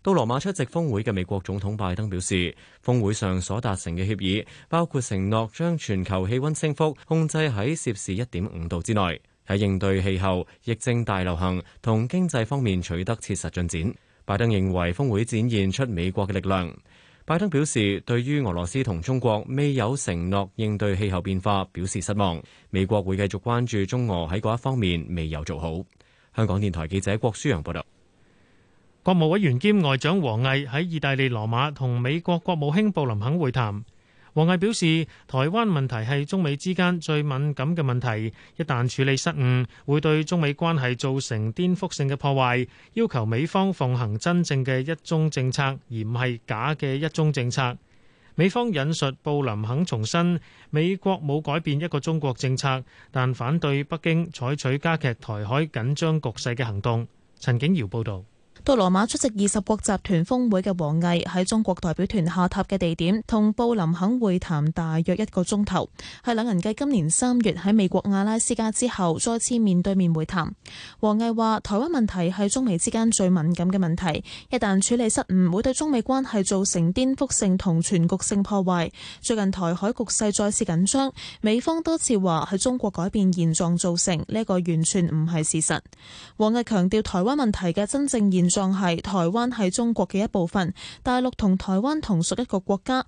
到羅馬出席峰會嘅美國總統拜登表示，峰會上所達成嘅協議包括承諾將全球氣溫升幅控制喺攝氏一點五度之內，喺應對氣候疫症大流行同經濟方面取得切實進展。拜登認為峰會展現出美國嘅力量。拜登表示，對於俄羅斯同中國未有承諾應對氣候變化表示失望。美國會繼續關注中俄喺嗰一方面未有做好。香港電台記者郭舒揚報道。國務委員兼外長王毅喺意大利羅馬同美國國務卿布林肯會談。王毅表示，台灣問題係中美之間最敏感嘅問題，一旦處理失誤，會對中美關係造成顛覆性嘅破壞，要求美方奉行真正嘅一中政策，而唔係假嘅一中政策。美方引述布林肯重申，美國冇改變一個中國政策，但反對北京採取加劇台海緊張局勢嘅行動，陳景堯報道。到羅馬出席二十國集團峰會嘅王毅喺中國代表團下榻嘅地點同布林肯會談大約一個鐘頭，係兩人繼今年三月喺美國阿拉斯加之後再次面對面會談。王毅話：台灣問題係中美之間最敏感嘅問題，一旦處理失誤，會對中美關係造成顛覆性同全局性破壞。最近台海局勢再次緊張，美方多次話喺中國改變現狀造成，呢個完全唔係事實。王毅強調台灣問題嘅真正現尚係台灣，係中國嘅一部分，大陸同台灣同屬一個國家。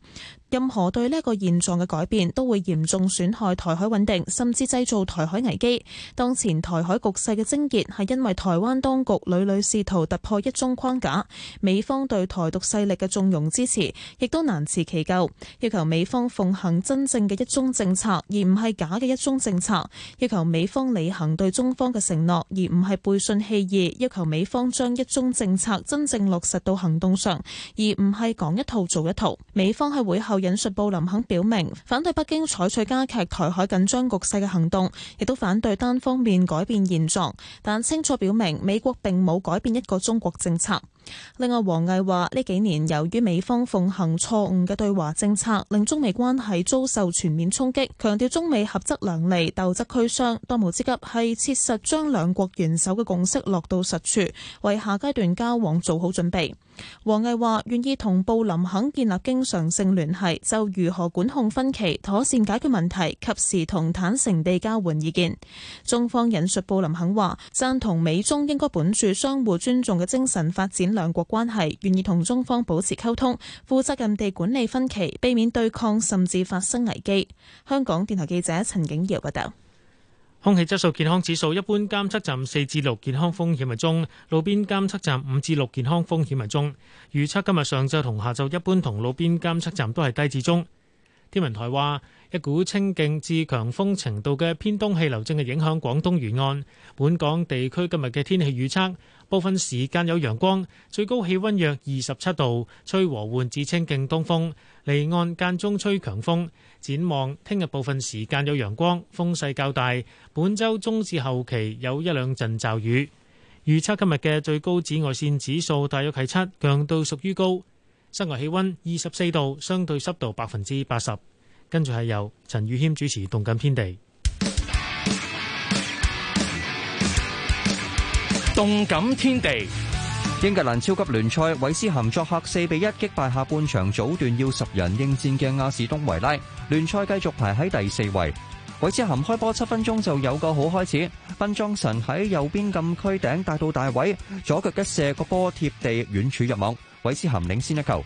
任何對呢個現狀嘅改變，都會嚴重損害台海穩定，甚至製造台海危機。當前台海局勢嘅症結係因為台灣當局屢屢試圖突破一中框架，美方對台獨勢力嘅縱容支持，亦都難辭其咎。要求美方奉行真正嘅一中政策，而唔係假嘅一中政策；要求美方履行對中方嘅承諾，而唔係背信棄義；要求美方將一中政策真正落實到行動上，而唔係講一套做一套。美方喺會後，引述布林肯表明，反對北京採取加劇台海緊張局勢嘅行動，亦都反對單方面改變現狀，但清楚表明美國並冇改變一個中國政策。另外，王毅話呢幾年由於美方奉行錯誤嘅對華政策，令中美關係遭受全面衝擊。強調中美合則兩利，鬥則俱傷。當務之急係切實將兩國元首嘅共識落到實處，為下階段交往做好準備。王毅話願意同布林肯建立經常性聯繫，就如何管控分歧、妥善解決問題、及時同坦誠地交換意見。中方引述布林肯話，贊同美中應該本住相互尊重嘅精神發展。兩國關係願意同中方保持溝通，負責任地管理分歧，避免對抗甚至發生危機。香港電台記者陳景瑤報道。空氣質素健康指數一般監測站四至六健康風險係中，路邊監測站五至六健康風險係中。預測今日上晝同下晝一般同路邊監測站都係低至中。天文台話，一股清勁至強風程度嘅偏東氣流正係影響廣東沿岸，本港地區今日嘅天氣預測。部分時間有陽光，最高氣溫約二十七度，吹和緩至清勁東風。離岸間中吹強風。展望聽日部分時間有陽光，風勢較大。本周中至後期有一兩陣驟雨。預測今日嘅最高紫外線指數大約係七，強度屬於高。室外氣溫二十四度，相對濕度百分之八十。跟住係由陳宇謙主持《動感天地》。動感天地，英格蘭超級聯賽，韋斯咸作客四比一擊敗下半場早段要十人應戰嘅阿士東維拉，聯賽繼續排喺第四位。韋斯咸開波七分鐘就有個好開始，班莊臣喺右邊禁區頂帶到大位，左腳一射個波貼地遠柱入網，韋斯咸領先一球。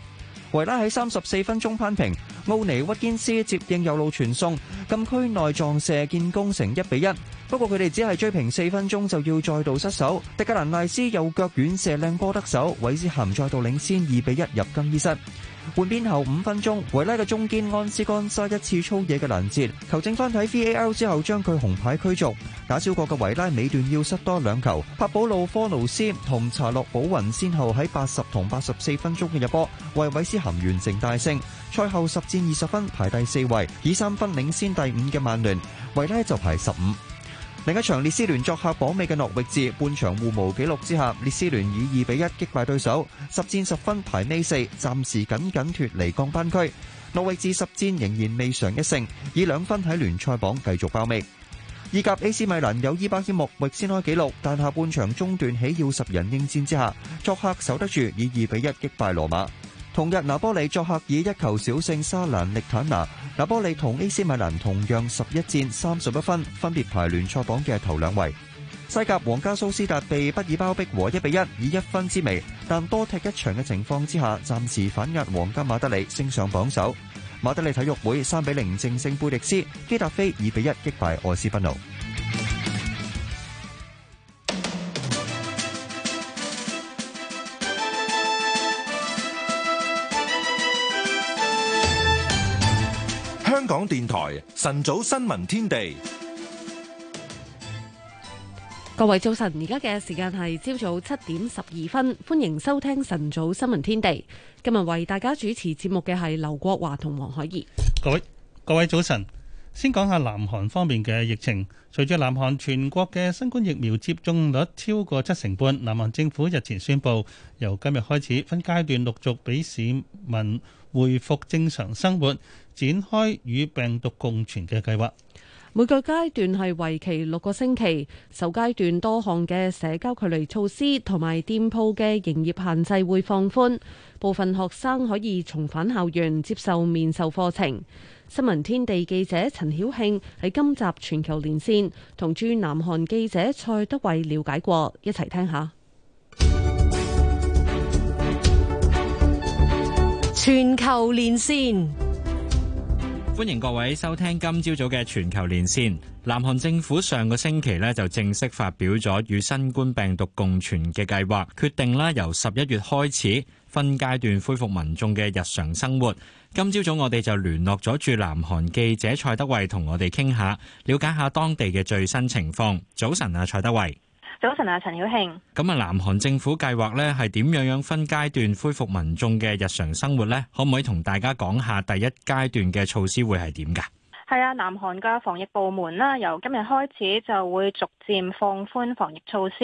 維拉喺三十四分鐘扳平，奧尼屈堅斯接應右路傳送禁區內撞射建功，成一比一。不過佢哋只係追平四分鐘就要再度失守。迪格蘭賴斯右腳遠射靚波得手，韋斯咸再度領先二比一入更衣室。換邊後五分鐘，維拉嘅中堅安斯干嘥一次粗野嘅攔截，球證翻睇 VAL 之後將佢紅牌驅逐。打少個嘅維拉尾段要塞多兩球，帕保路科奴斯同查洛保雲先後喺八十同八十四分鐘嘅入波，為韋斯咸完成大勝。賽後十戰二十分排第四位，以三分領先第五嘅曼聯，維拉就排十五。另一場列斯聯作客榜尾嘅諾域治，半場互無紀錄之下，列斯聯以二比一擊敗對手，十戰十分排尾四，暫時僅僅脱離降班區。諾域治十戰仍然未嘗一勝，以兩分喺聯賽榜繼續包尾。意甲 AC 米蘭有伊巴謙莫域先開紀錄，但下半場中段起要十人應戰之下，作客守得住，以二比一擊敗羅馬。同日，拿波利作客以一球小勝沙蘭力坦拿。拿波利同 AC 米蘭同樣十一戰三十一分，分別排聯賽榜嘅頭兩位。西甲皇家蘇斯達被畢爾包逼和一比一，以一分之微，但多踢一場嘅情況之下，暫時反壓皇家馬德里升上榜首。馬德里體育會三比零正勝貝迪斯，基達菲二比一擊敗愛斯賓奴。台晨早新聞天地，各位早晨，而家嘅時間係朝早七點十二分，歡迎收聽晨早新聞天地。今日為大家主持節目嘅係劉國華同黃海怡。各位各位早晨，先講下南韓方面嘅疫情。隨住南韓全國嘅新冠疫苗接種率超過七成半，南韓政府日前宣布，由今日開始分階段陸續俾市民恢復正常生活。展開與病毒共存嘅計劃，每個階段係為期六個星期。首階段多項嘅社交距離措施同埋店鋪嘅營業限制會放寬，部分學生可以重返校園接受面授課程。新聞天地記者陳曉慶喺今集全球連線同駐南韓記者蔡德偉了解過，一齊聽下全球連線。歡迎各位收聽今朝早嘅全球連線。南韓政府上個星期呢，就正式發表咗與新冠病毒共存嘅計劃，決定啦由十一月開始分階段恢復民眾嘅日常生活。今朝早我哋就聯絡咗駐南韓記者蔡德偉同我哋傾下，了解下當地嘅最新情況。早晨啊，蔡德偉。早晨啊，陳曉慶。咁啊，南韓政府計劃咧係點樣樣分階段恢復民眾嘅日常生活咧？可唔可以同大家講下第一階段嘅措施會係點噶？係啊，南韓嘅防疫部門啦，由今日開始就會逐漸放寬防疫措施。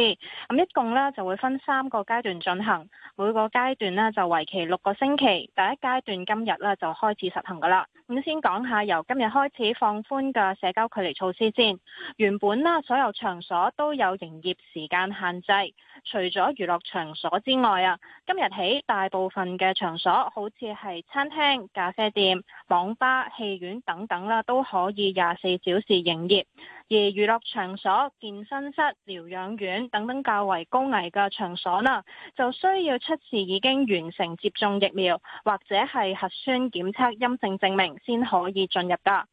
咁一共咧就會分三個階段進行，每個階段咧就為期六個星期。第一階段今日咧就開始實行噶啦。咁先講下，由今日開始放寬嘅社交距離措施先。原本啦，所有場所都有營業時間限制，除咗娛樂場所之外啊，今日起大部分嘅場所，好似係餐廳、咖啡店、網吧、戲院等等啦，都可以廿四小時營業。而娛樂場所、健身室、療養院等等較為高危嘅場所呢，就需要出示已經完成接種疫苗或者係核酸檢測陰性證明先可以進入㗎。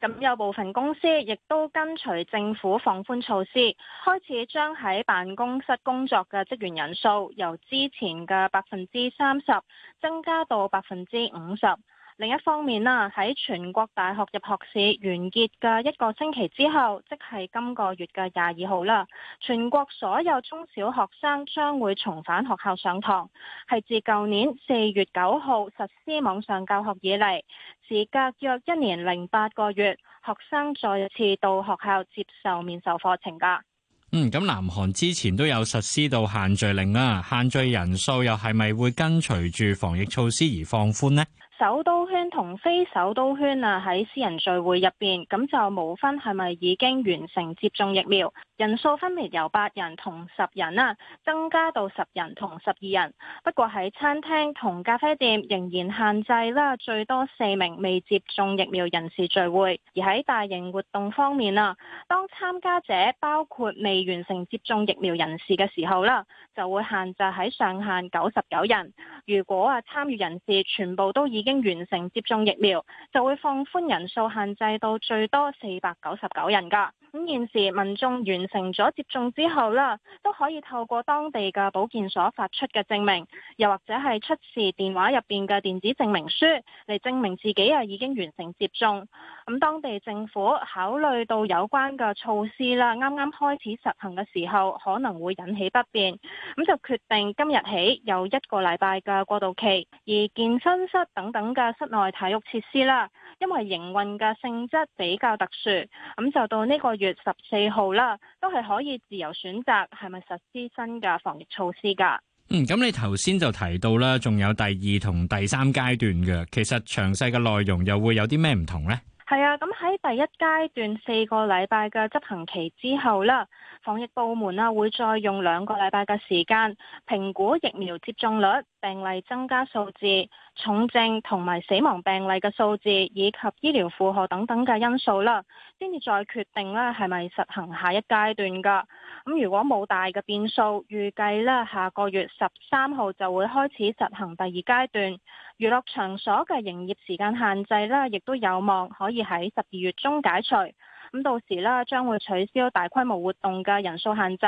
咁有部分公司亦都跟隨政府放寬措施，開始將喺辦公室工作嘅職員人數由之前嘅百分之三十增加到百分之五十。另一方面啦，喺全國大學入學試完結嘅一個星期之後，即係今個月嘅廿二號啦。全國所有中小學生將會重返學校上堂，係自舊年四月九號實施網上教學以嚟，時隔約一年零八個月，學生再次到學校接受面授課程噶，嗯，咁南韓之前都有實施到限聚令啊，限聚人數又係咪會跟隨住防疫措施而放寬呢？首都圈同非首都圈啊，喺私人聚會入邊，咁就無分係咪已經完成接種疫苗。人數分別由八人同十人啦，增加到十人同十二人。不過喺餐廳同咖啡店仍然限制啦，最多四名未接種疫苗人士聚會。而喺大型活動方面啊，當參加者包括未完成接種疫苗人士嘅時候啦，就會限制喺上限九十九人。如果啊參與人士全部都已經完成接種疫苗，就會放寬人數限制到最多四百九十九人㗎。咁現時民眾完成咗接種之後啦，都可以透過當地嘅保健所發出嘅證明，又或者係出示電話入邊嘅電子證明書嚟證明自己啊已經完成接種。咁當地政府考慮到有關嘅措施啦，啱啱開始實行嘅時候可能會引起不便，咁就決定今日起有一個禮拜嘅過渡期。而健身室等等嘅室內體育設施啦，因為營運嘅性質比較特殊，咁就到呢個月十四號啦，都係可以自由選擇係咪實施新嘅防疫措施噶。嗯，咁你頭先就提到啦，仲有第二同第三階段嘅，其實詳細嘅內容又會有啲咩唔同呢？係啊，咁喺第一階段四個禮拜嘅執行期之後啦，防疫部門啊會再用兩個禮拜嘅時間評估疫苗接種率、病例增加數字、重症同埋死亡病例嘅數字，以及醫療負荷等等嘅因素啦，先至再決定呢係咪實行下一階段噶。咁如果冇大嘅變數，預計呢下個月十三號就會開始實行第二階段。娛樂場所嘅營業時間限制呢，亦都有望可以喺十二月中解除。咁到時呢，將會取消大規模活動嘅人數限制，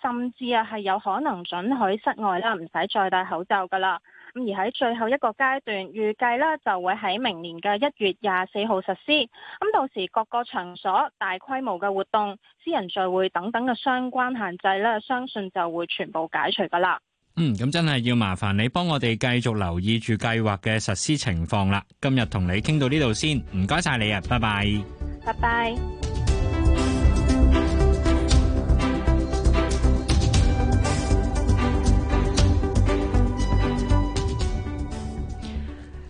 甚至啊係有可能准許室外啦，唔使再戴口罩噶啦。咁而喺最後一個階段，預計呢就會喺明年嘅一月廿四號實施。咁到時各個場所、大規模嘅活動、私人聚會等等嘅相關限制呢，相信就會全部解除噶啦。嗯，咁真係要麻煩你幫我哋繼續留意住計劃嘅實施情況啦。今日同你傾到呢度先，唔該曬你啊，拜拜，拜拜。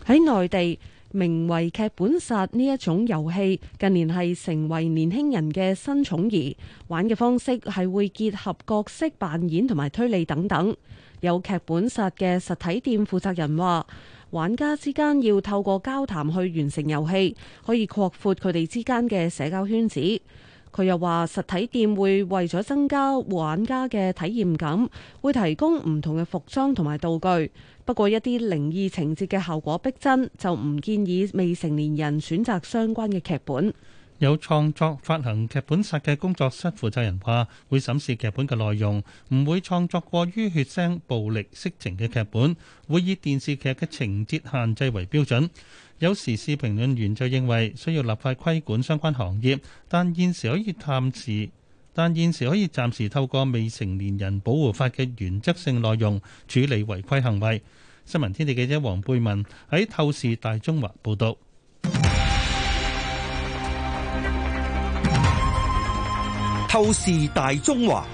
喺內地，名為劇本殺呢一種遊戲，近年係成為年輕人嘅新寵兒。玩嘅方式係會結合角色扮演同埋推理等等。有劇本殺嘅實體店負責人話，玩家之間要透過交談去完成遊戲，可以擴闊佢哋之間嘅社交圈子。佢又話，實體店會為咗增加玩家嘅體驗感，會提供唔同嘅服裝同埋道具。不過一啲靈異情節嘅效果逼真，就唔建議未成年人選擇相關嘅劇本。有創作發行劇本殺嘅工作室負責人話：會審視劇本嘅內容，唔會創作過於血腥、暴力、色情嘅劇本，會以電視劇嘅情節限制為標準。有時事評論員就認為需要立法規管相關行業，但現時可以探視，但現時可以暫時透過未成年人保護法嘅原則性內容處理違規行為。新聞天地記者黃貝文喺透視大中華報導。透視大中華，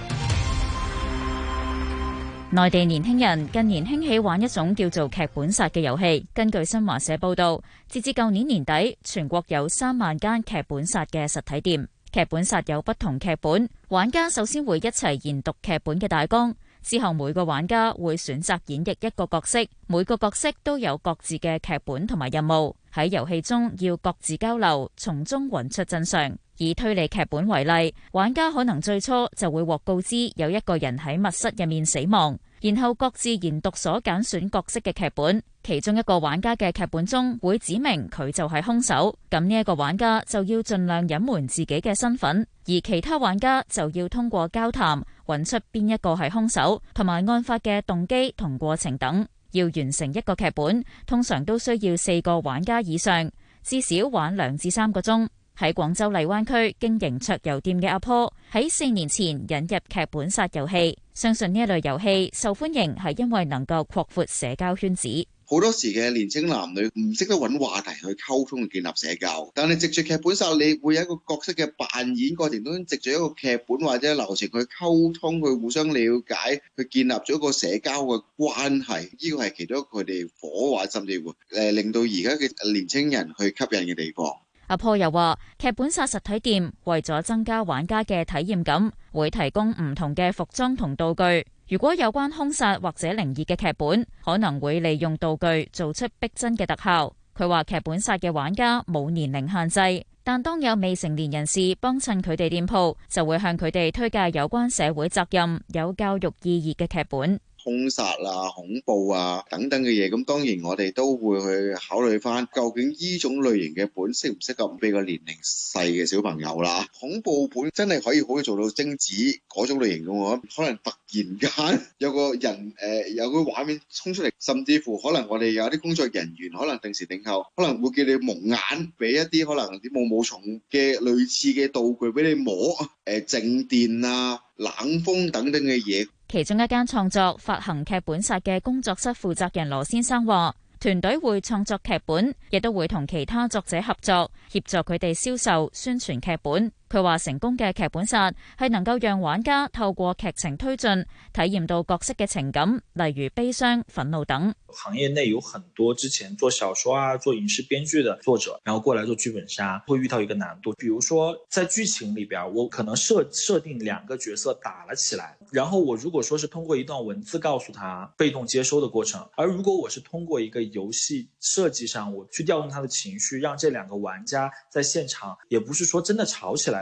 內地年輕人近年興起玩一種叫做劇本殺嘅遊戲。根據新華社報道，截至舊年年底，全國有三萬間劇本殺嘅實體店。劇本殺有不同劇本，玩家首先會一齊研讀劇本嘅大綱，之後每個玩家會選擇演繹一個角色，每個角色都有各自嘅劇本同埋任務。喺遊戲中要各自交流，從中揾出真相。以推理劇本為例，玩家可能最初就會獲告知有一個人喺密室入面死亡，然後各自研讀所揀選角色嘅劇本。其中一個玩家嘅劇本中會指明佢就係兇手，咁呢一個玩家就要盡量隱瞞自己嘅身份，而其他玩家就要通過交談揾出邊一個係兇手，同埋案發嘅動機同過程等。要完成一個劇本，通常都需要四個玩家以上，至少玩兩至三個鐘。喺廣州荔灣區經營桌遊店嘅阿坡喺四年前引入劇本殺遊戲，相信呢一類遊戲受歡迎係因為能夠擴闊社交圈子。好多時嘅年青男女唔識得揾話題去溝通去建立社交，但係藉住劇本殺，你會有一個角色嘅扮演過程中，藉住一個劇本或者流程去溝通，去互相了解，去建立咗一個社交嘅關係。呢個係其中佢哋火話，甚至會誒令到而家嘅年青人去吸引嘅地方。阿 Po 又話：劇本殺實體店為咗增加玩家嘅體驗感，會提供唔同嘅服裝同道具。如果有關兇殺或者靈異嘅劇本，可能會利用道具做出逼真嘅特效。佢話劇本殺嘅玩家冇年齡限制，但當有未成年人士幫襯佢哋店鋪，就會向佢哋推介有關社會責任、有教育意義嘅劇本。兇殺啊、恐怖啊等等嘅嘢，咁當然我哋都會去考慮返，究竟呢種類型嘅本適唔適合俾個年齡細嘅小朋友啦？恐怖本真係可以可以做到貞子嗰種類型嘅話，可能突然間有個人誒，有個畫面衝出嚟，甚至乎可能我哋有啲工作人員可能定時定候，可能會叫你蒙眼，俾一啲可能啲毛毛蟲嘅類似嘅道具俾你摸，誒靜電啊、冷風等等嘅嘢。其中一間創作發行劇本殺嘅工作室負責人羅先生話：團隊會創作劇本，亦都會同其他作者合作，協助佢哋銷售、宣傳劇本。佢話成功嘅劇本殺係能夠讓玩家透過劇情推進，體驗到角色嘅情感，例如悲傷、憤怒等。行業內有很多之前做小說啊、做影視編劇的作者，然後過來做劇本殺，會遇到一個難度。比如說在劇情裏邊，我可能設設定兩個角色打了起來，然後我如果說是通過一段文字告訴他，被動接收的過程；而如果我是通過一個遊戲設計上，我去調動他的情緒，讓這兩個玩家在現場，也不是說真的吵起來。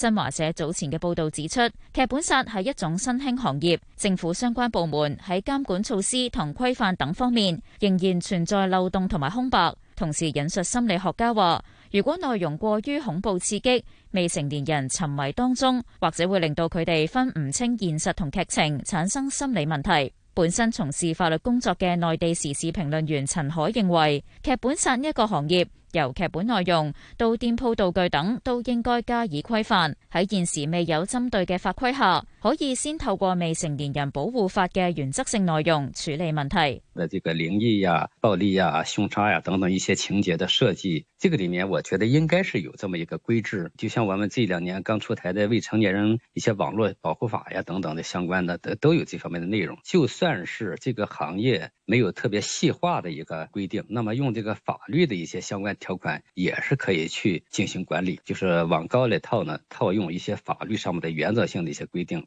新華社早前嘅報道指出，劇本殺係一種新興行業，政府相關部門喺監管措施同規範等方面仍然存在漏洞同埋空白。同時，引述心理學家話，如果內容過於恐怖刺激，未成年人沉迷當中，或者會令到佢哋分唔清現實同劇情，產生心理問題。本身從事法律工作嘅內地時事評論員陳海認為，劇本殺呢一個行業。由劇本內容到店鋪道具等，都應該加以規範。喺現時未有針對嘅法規下，可以先透過未成年人保護法嘅原則性內容處理問題。那這個靈異呀、暴力呀、啊、兇殺呀、啊、等等一些情節的設計，這個裏面我覺得應該是有這麼一個規制。就像我們這兩年剛出台的未成年人一些網絡保護法呀、啊、等等的相關的，都都有這方面的內容。就算是這個行業沒有特別細化的一個規定，那麼用這個法律的一些相關條款也是可以去進行管理，就是往高裏套呢，套用一些法律上面的原則性的一些規定。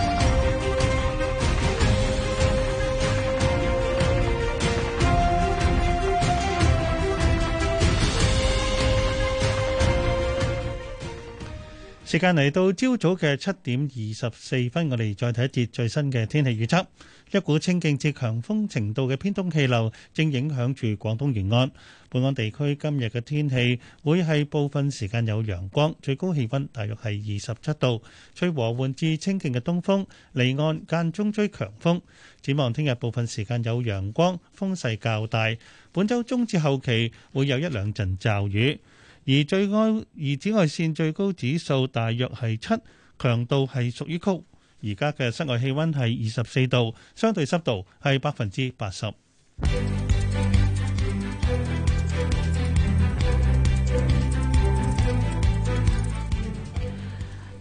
時間嚟到朝早嘅七點二十四分，我哋再睇一節最新嘅天氣預測。一股清勁至強風程度嘅偏東氣流正影響住廣東沿岸，本港地區今日嘅天氣會係部分時間有陽光，最高氣温大約係二十七度，吹和緩至清勁嘅東風，離岸間中吹強風。展望聽日部分時間有陽光，風勢較大。本周中至後期會有一兩陣驟雨。而紫外而紫外綫最高指數大約係七，強度係屬於曲。而家嘅室外氣溫係二十四度，相對濕度係百分之八十。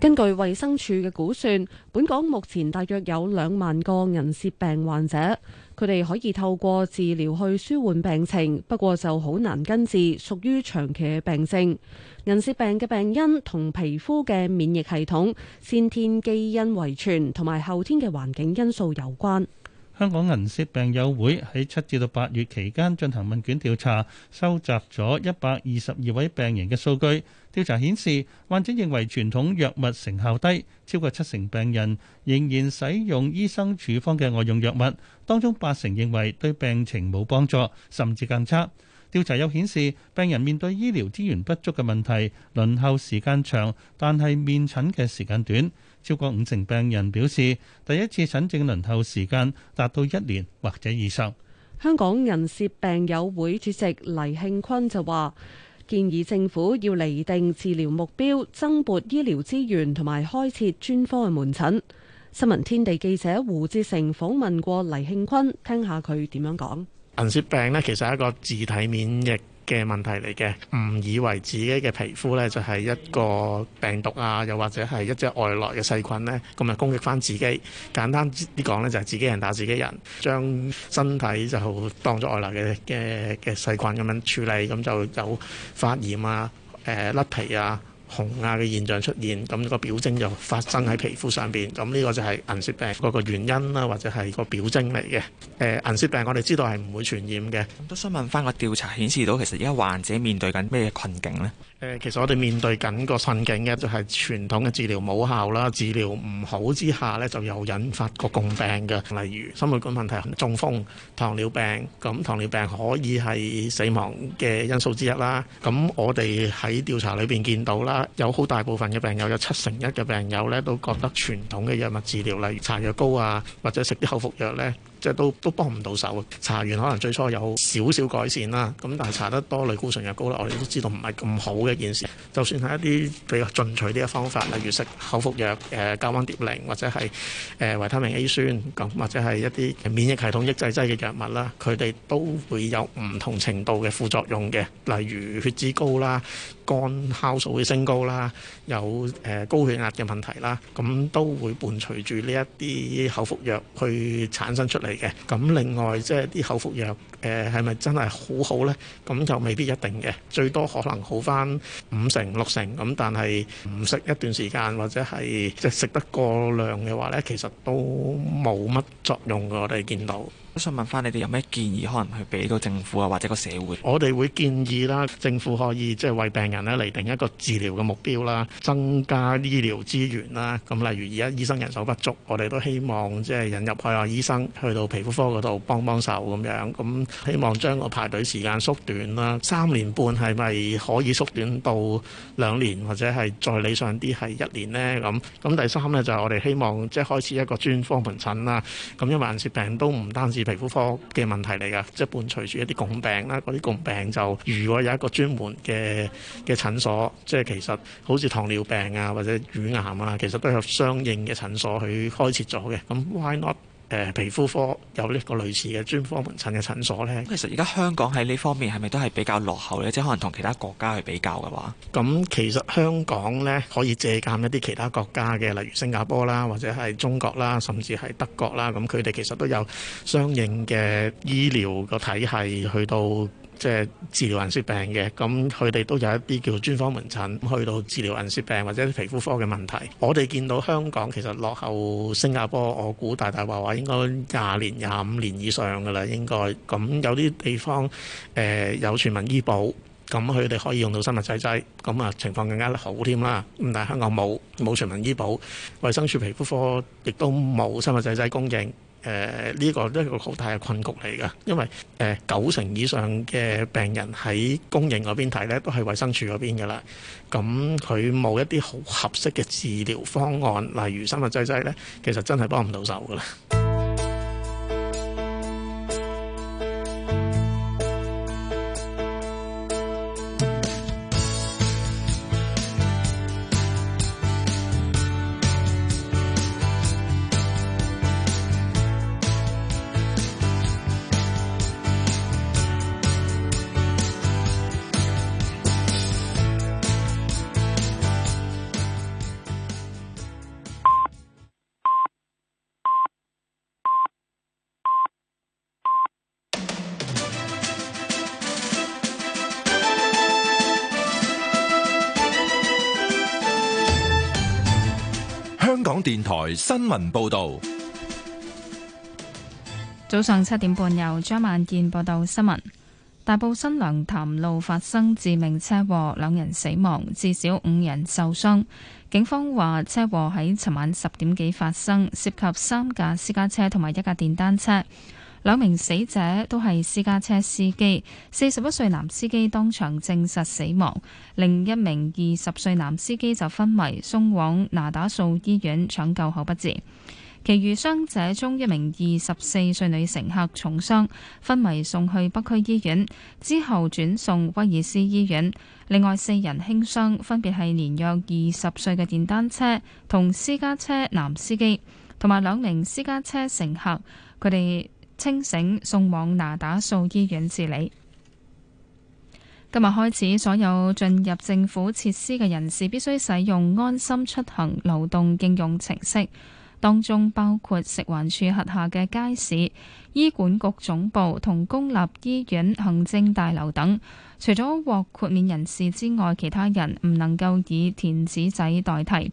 根據衛生署嘅估算，本港目前大約有兩萬個銀屑病患者。佢哋可以透過治療去舒緩病情，不過就好難根治，屬於長期嘅病症。銀屑病嘅病因同皮膚嘅免疫系統、先天基因遺傳同埋後天嘅環境因素有關。香港銀屑病友會喺七至到八月期間進行問卷調查，收集咗一百二十二位病人嘅數據。調查顯示，患者認為傳統藥物成效低，超過七成病人仍然使用醫生處方嘅外用藥物，當中八成認為對病情冇幫助，甚至更差。調查又顯示，病人面對醫療資源不足嘅問題，輪候時間長，但係面診嘅時間短。超過五成病人表示，第一次診症輪候時間達到一年或者以上。香港銀屑病友會主席黎慶坤就話，建議政府要釐定治療目標，增撥醫療資源同埋開設專科嘅門診。新聞天地記者胡志成訪問過黎慶坤，聽下佢點樣講銀屑病呢，其實係一個自體免疫嘅問題嚟嘅，唔以為自己嘅皮膚呢就係一個病毒啊，又或者係一隻外來嘅細菌呢，咁咪攻擊翻自己。簡單啲講呢，就係、是、自己人打自己人，將身體就當咗外來嘅嘅嘅細菌咁樣處理，咁就有發炎啊，誒、呃、甩皮啊。紅啊嘅現象出現，咁個表徵就發生喺皮膚上邊，咁呢個就係銀屑病嗰個原因啦，或者係個表徵嚟嘅。誒、呃，銀屑病我哋知道係唔會傳染嘅。咁都想問翻個調查顯示到，其實而家患者面對緊咩困境呢？誒，其實我哋面對緊個困境嘅就係傳統嘅治療冇效啦，治療唔好之下呢，就又引發個共病嘅，例如心血管問題、中風、糖尿病。咁糖尿病可以係死亡嘅因素之一啦。咁我哋喺調查裏面見到啦，有好大部分嘅病友有七成一嘅病友呢，都覺得傳統嘅藥物治療，例如搽藥膏啊，或者食啲口服藥呢。即係都都幫唔到手，查完可能最初有少少改善啦，咁但係查得多類固醇藥膏啦，我哋都知道唔係咁好嘅一件事。就算係一啲比較進取啲嘅方法，例如食口服藥、呃、膠胺蝶靈或者係誒、呃、維他命 A 酸咁，或者係一啲免疫系統抑制劑嘅藥物啦，佢哋都會有唔同程度嘅副作用嘅，例如血脂高啦。肝酵素會升高啦，有誒高血壓嘅問題啦，咁都會伴隨住呢一啲口服藥去產生出嚟嘅。咁另外即係啲口服藥誒係咪真係好好呢？咁就未必一定嘅，最多可能好返五成六成咁，但係唔食一段時間或者係即係食得過量嘅話呢，其實都冇乜作用嘅。我哋見到。想問翻你哋有咩建議，可能去俾到政府啊，或者個社會？我哋會建議啦，政府可以即係為病人咧嚟定一個治療嘅目標啦，增加醫療資源啦。咁例如而家醫生人手不足，我哋都希望即係引入海外醫生去到皮膚科嗰度幫幫手咁樣。咁希望將個排隊時間縮短啦。三年半係咪可以縮短到兩年，或者係再理想啲係一年呢？咁咁第三呢就係我哋希望即係開始一個專科門診啦。咁因為銀屑病都唔單止。皮膚科嘅問題嚟㗎，即係伴隨住一啲共病啦，嗰啲共病就如果有一個專門嘅嘅診所，即係其實好似糖尿病啊或者乳癌啊，其實都有相應嘅診所去開設咗嘅，咁 why not？誒皮膚科有呢個類似嘅專科門診嘅診所呢？其實而家香港喺呢方面係咪都係比較落後咧？即係可能同其他國家去比較嘅話，咁其實香港呢可以借鑑一啲其他國家嘅，例如新加坡啦，或者係中國啦，甚至係德國啦。咁佢哋其實都有相應嘅醫療個體系去到。即、就、係、是、治療銀屑病嘅，咁佢哋都有一啲叫專科門診，去到治療銀屑病或者皮膚科嘅問題。我哋見到香港其實落後新加坡，我估大大話話應該廿年、廿五年以上㗎喇，應該。咁有啲地方誒、呃、有全民醫保，咁佢哋可以用到生物製劑，咁啊情況更加好添啦。咁但係香港冇冇全民醫保，衛生署皮膚科亦都冇生物製劑供應。誒、呃、呢個都係一個好大嘅困局嚟噶，因為誒、呃、九成以上嘅病人喺公營嗰邊睇呢，都係衛生署嗰邊噶啦。咁佢冇一啲好合適嘅治療方案，例如生物製劑呢，其實真係幫唔到手噶啦。台新聞報道，早上七點半由張萬健報道新聞。大埔新娘潭路發生致命車禍，兩人死亡，至少五人受傷。警方話車禍喺尋晚十點幾發生，涉及三架私家車同埋一架電單車。兩名死者都係私家車司機，四十一歲男司機當場證實死亡，另一名二十歲男司機就昏迷送往拿打素醫院搶救，後不治。其餘傷者中，一名二十四歲女乘客重傷，昏迷送去北區醫院之後轉送威爾斯醫院。另外四人輕傷，分別係年約二十歲嘅電單車同私家車男司機，同埋兩名私家車乘客，佢哋清醒，送往拿打素醫院治理。今日開始，所有進入政府設施嘅人士必須使用安心出行流動應用程式。當中包括食環署轄下嘅街市、醫管局總部同公立醫院行政大樓等。除咗獲豁免人士之外，其他人唔能夠以填紙仔代替。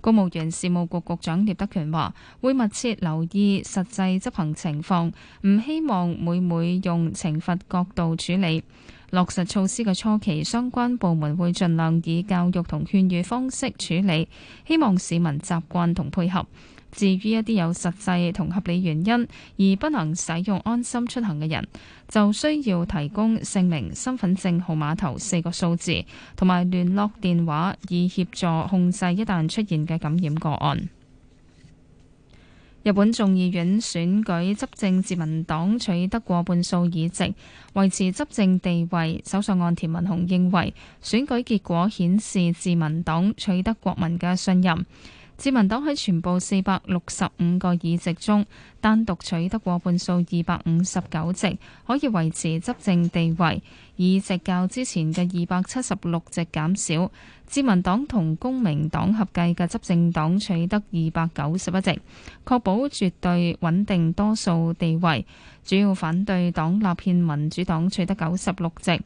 公務員事務局局長聶德權話，會密切留意實際執行情況，唔希望每每用懲罰角度處理。落實措施嘅初期，相關部門會盡量以教育同勸喻方式處理，希望市民習慣同配合。至於一啲有實際同合理原因而不能使用安心出行嘅人，就需要提供姓名、身份證號碼頭四個數字同埋聯絡電話，以協助控制一旦出現嘅感染個案。日本眾議院選舉執政自民黨取得過半數議席，維持執政地位。首相岸田文雄認為選舉結果顯示自民黨取得國民嘅信任。自民黨喺全部四百六十五個議席中，單獨取得過半數二百五十九席，可以維持執政地位。議席較之前嘅二百七十六席減少。自民黨同公明黨合計嘅執政黨取得二百九十一席，確保絕對穩定多數地位。主要反對黨立憲民主黨取得九十六席。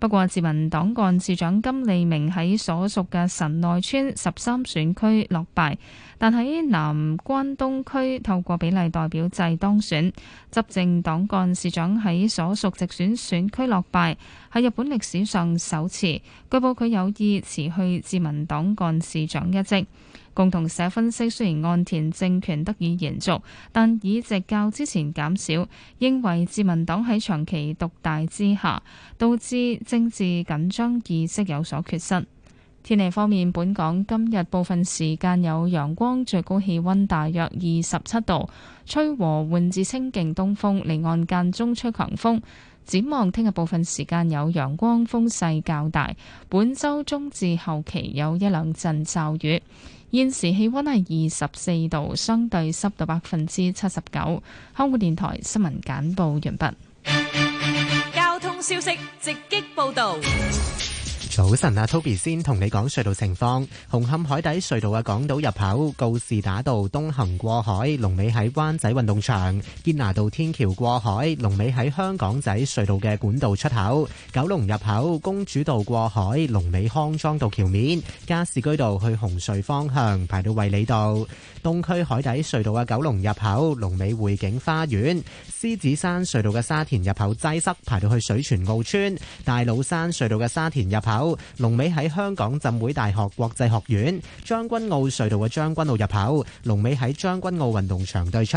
不過，自民黨幹事長金利明喺所屬嘅神內村十三選區落敗，但喺南關東區透過比例代表制當選。執政黨幹事長喺所屬直選選區落敗，係日本歷史上首次。據報佢有意辭去自民黨幹事長一職。共同社分析，雖然岸田政權得以延續，但議席較之前減少，認為自民黨喺長期獨大之下，導致政治緊張意識有所缺失。天氣方面，本港今日部分時間有陽光，最高氣温大約二十七度，吹和緩至清勁東風，離岸間中吹強風。展望聽日部分時間有陽光，風勢較大。本週中至後期有一兩陣驟雨。現時氣温係二十四度，相對濕度百分之七十九。香港電台新聞簡報完畢。交通消息直擊報道。早晨啊，Toby 先同你講隧道情況。紅磡海底隧道嘅港島入口告士打道東行過海，龍尾喺灣仔運動場，堅拿道天橋過海，龍尾喺香港仔隧道嘅管道出口。九龍入口公主道過海，龍尾康莊道橋面，加士居道去紅隧方向排到衛理道。東區海底隧道嘅九龍入口，龍尾匯景花園。獅子山隧道嘅沙田入口擠塞，排到去水泉澳邨。大老山隧道嘅沙田入口龍尾喺香港浸會大學國際學院。將軍澳隧道嘅將軍澳入口龍尾喺將軍澳運動場對出。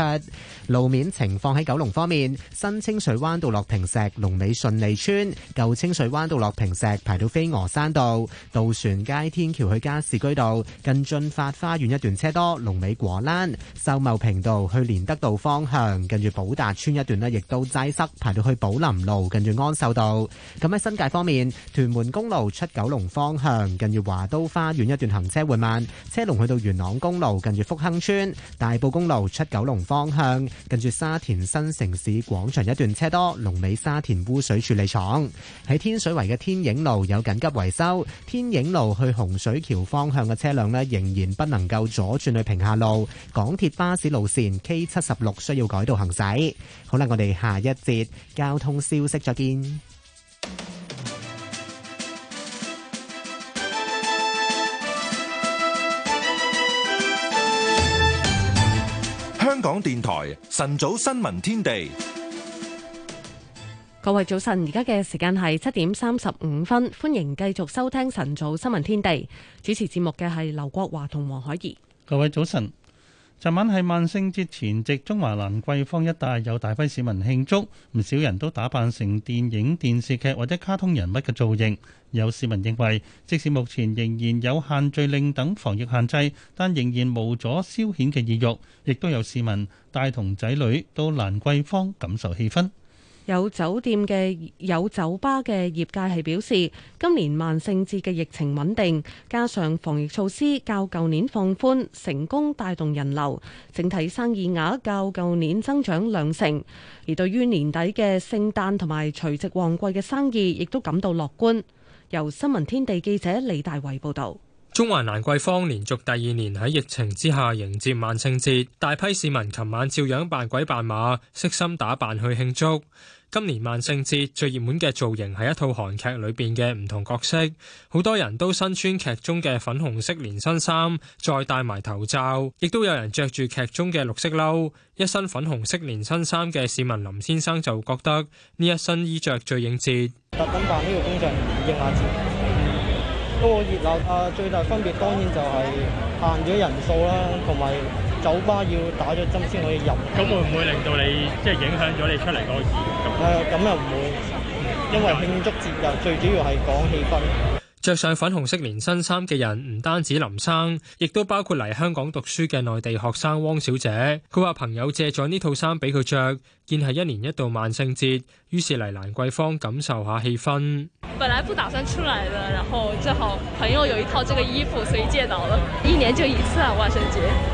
路面情況喺九龍方面，新清水灣道落坪石龍尾順利邨，舊清水灣道落坪石排到飛鵝山道，渡船街天橋去加士居道近駿發花園一段車多，龍尾果欄。秀茂坪道去連德道方向近住寶達邨 一段亦都擠塞，排到去寶林路近住安秀道。咁喺新界方面，屯門公路出九龍方向近住華都花園一段行車緩慢，車龍去到元朗公路近住福亨村，大埔公路出九龍方向近住沙田新城市廣場一段車多，龍尾沙田污水處理廠。喺天水圍嘅天影路有緊急維修，天影路去洪水橋方向嘅車輛仍然不能夠左轉去平下路，港鐵巴士路線 K 七十六需要改道行駛。好啦，我哋下一節交通消息再見。香港電台晨早新聞天地，各位早晨，而家嘅時間係七點三十五分，歡迎繼續收聽晨早新聞天地。主持節目嘅係劉國華同黃海怡。各位早晨。尋晚係萬聖節前夕，中華蘭桂坊一帶有大批市民慶祝，唔少人都打扮成電影、電視劇或者卡通人物嘅造型。有市民認為，即使目前仍然有限聚令等防疫限制，但仍然無阻消遣嘅意欲，亦都有市民帶同仔女到蘭桂坊感受氣氛。有酒店嘅有酒吧嘅業界係表示，今年萬聖節嘅疫情穩定，加上防疫措施較舊年放寬成功帶動人流，整體生意額較舊年增長兩成。而對於年底嘅聖誕同埋除夕旺季嘅生意，亦都感到樂觀，由新聞天地記者李大偉報道，中環蘭桂坊連續第二年喺疫情之下迎接萬聖節，大批市民琴晚照樣扮鬼扮馬悉心打扮去慶祝。今年萬聖節最熱門嘅造型係一套韓劇裏邊嘅唔同角色，好多人都身穿劇中嘅粉紅色連身衫，再戴埋頭罩，亦都有人着住劇中嘅綠色褸。一身粉紅色連身衫嘅市民林先生就覺得呢一身衣着最應節。特登辦呢個活動，都好熱鬧啊！最大分別當然就係限咗人數啦，同埋。酒吧要打咗針先可以入。咁會唔會令到你即係、就是、影響咗你出嚟個意咁？誒、嗯，又唔會，因為慶祝節日，是最主要係講氣氛。着上粉紅色連身衫嘅人唔單止林生，亦都包括嚟香港讀書嘅內地學生汪小姐。佢話朋友借咗呢套衫俾佢着，見係一年一度萬聖節，於是嚟蘭桂坊感受下氣氛。本來不打算出來的，然後正好朋友有一套這個衣服，所以借到了。一年就一次啊，萬聖節。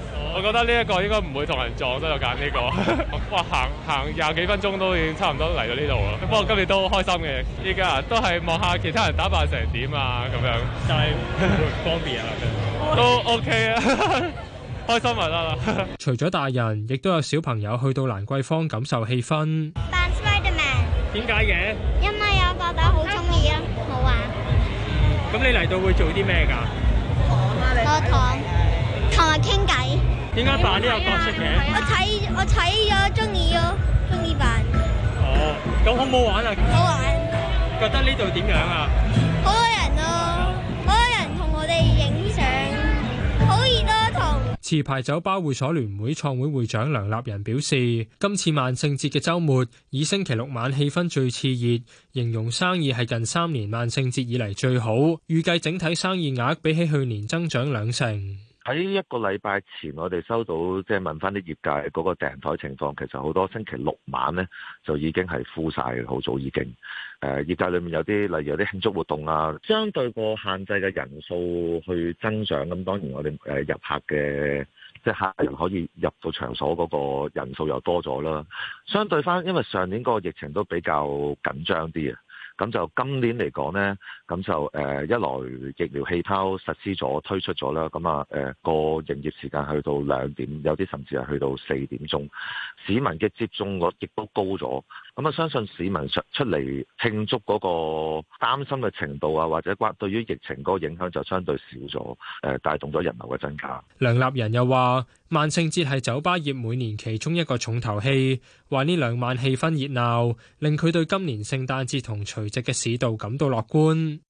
我覺得呢一個應該唔會同人撞，所以我揀呢個。哇，行行廿幾分鐘都已經差唔多嚟到呢度咯。不過今日都開心嘅，依家都係望下其他人打扮成點啊咁樣。但係方便啊，都 OK 啊，開心咪得啦。除咗大人，亦都有小朋友去到蘭桂坊感受氣氛。扮 Spider-Man。點解嘅？因為我爸爸好鍾意咯，好玩。咁你嚟到會做啲咩㗎？同啊！同同人傾偈。點解扮呢個角色嘅？我睇我睇咗，中意咯，中意扮。哦，咁好唔好玩啊？好玩。覺得呢度點樣啊？好多人咯，好多人同我哋影相，好熱咯，同。持牌酒吧會所聯會創會會長梁立仁表示，今次萬聖節嘅周末，以星期六晚氣氛最熾熱，形容生意係近三年萬聖節以嚟最好，預計整體生意額比起去年增長兩成。喺一個禮拜前，我哋收到即係問翻啲業界嗰個訂台情況，其實好多星期六晚呢就已經係 full 晒嘅，好早已經。誒，業界裏面有啲例如有啲慶祝活動啊，相對個限制嘅人數去增長，咁當然我哋誒入客嘅即係客人可以入到場所嗰個人數又多咗啦。相對翻，因為上年嗰個疫情都比較緊張啲啊，咁就今年嚟講呢。咁就誒一來疫苗氣泡實施咗推出咗啦，咁啊誒個營業時間去到兩點，有啲甚至係去到四點鐘。市民嘅接種率亦都高咗，咁啊相信市民出出嚟慶祝嗰個擔心嘅程度啊，或者關對於疫情嗰個影響就相對少咗，誒帶動咗人流嘅增加。梁立仁又話，萬聖節係酒吧業每年其中一個重頭戲，話呢兩晚氣氛熱鬧，令佢對今年聖誕節同除夕嘅市道感到樂觀。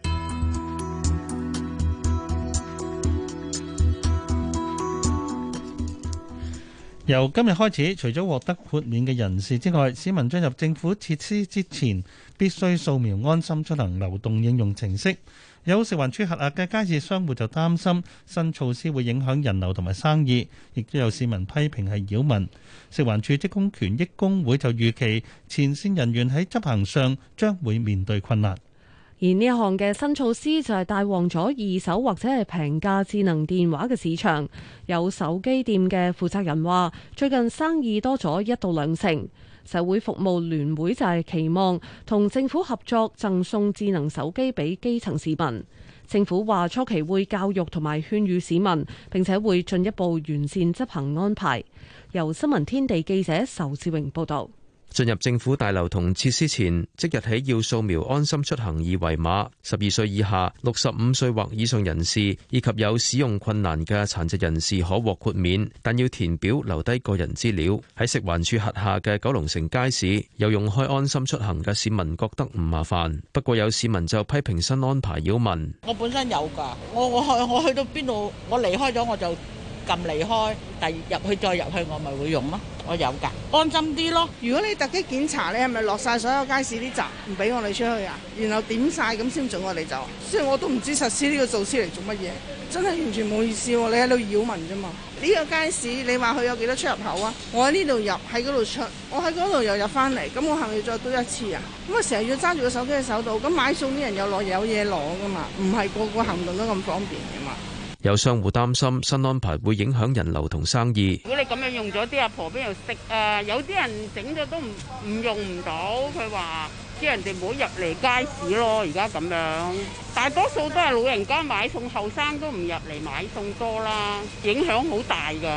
由今日開始，除咗獲得豁免嘅人士之外，市民進入政府設施之前必須掃描安心出行流動應用程式。有食環署轄下嘅街市商戶就擔心新措施會影響人流同埋生意，亦都有市民批評係擾民。食環署職工權益工會就預期前線人員喺執行上將會面對困難。而呢一行嘅新措施就係帶旺咗二手或者係平價智能電話嘅市場，有手機店嘅負責人話最近生意多咗一到兩成。社會服務聯會就係期望同政府合作，贈送智能手機俾基層市民。政府話初期會教育同埋勸喻市民，並且會進一步完善執行安排。由新聞天地記者仇志榮報道。進入政府大樓同設施前，即日起要掃描安心出行二維碼。十二歲以下、六十五歲或以上人士以及有使用困難嘅殘疾人士可獲豁免，但要填表留低個人資料。喺食環署轄下嘅九龍城街市，有用開安心出行嘅市民覺得唔麻煩，不過有市民就批評新安排擾民。我本身有㗎，我我去我,我去到邊度，我離開咗我就。咁離開，第二入去再入去，我咪會用咯？我有噶，安心啲咯。如果你突擊檢查你係咪落晒所有街市啲閘，唔俾我哋出去啊？然後點晒咁先准我哋走？雖然我都唔知實施呢個措施嚟做乜嘢，真係完全冇意思喎、啊！你喺度擾民啫嘛？呢、呢個街市你話佢有幾多出入口啊？我喺呢度入，喺嗰度出，我喺嗰度又入翻嚟，咁我係咪要再多一次啊？咁啊成日要揸住個手機喺手度，咁買餸啲人又攞有嘢攞噶嘛？唔係個個行動都咁方便噶嘛？有商戶擔心新安排會影響人流同生意。如果你咁樣用咗啲阿婆邊度食？誒，有啲人整咗都唔唔用唔到。佢話啲人哋唔好入嚟街市咯。而家咁樣大多數都係老人家買餸，後生都唔入嚟買餸多啦，影響好大㗎。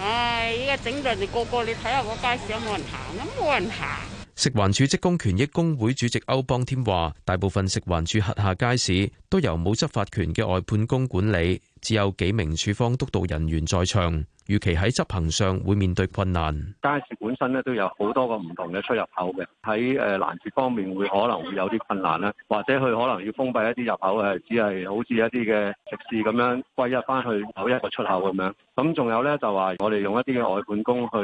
唉、哎，依家整到人個個你睇下個街市有冇人行啊？冇人行。食環署職工權益工會主席歐邦添話：大部分食環署轄下街市都由冇執法權嘅外判工管理。只有幾名處方督導人員在場，預期喺執行上會面對困難。街市本身咧都有好多個唔同嘅出入口嘅，喺誒攔截方面會可能會有啲困難啦，或者佢可能要封閉一啲入口嘅，只係好似一啲嘅食肆咁樣歸入返去某一個出口咁樣。咁仲有咧就話我哋用一啲嘅外判工去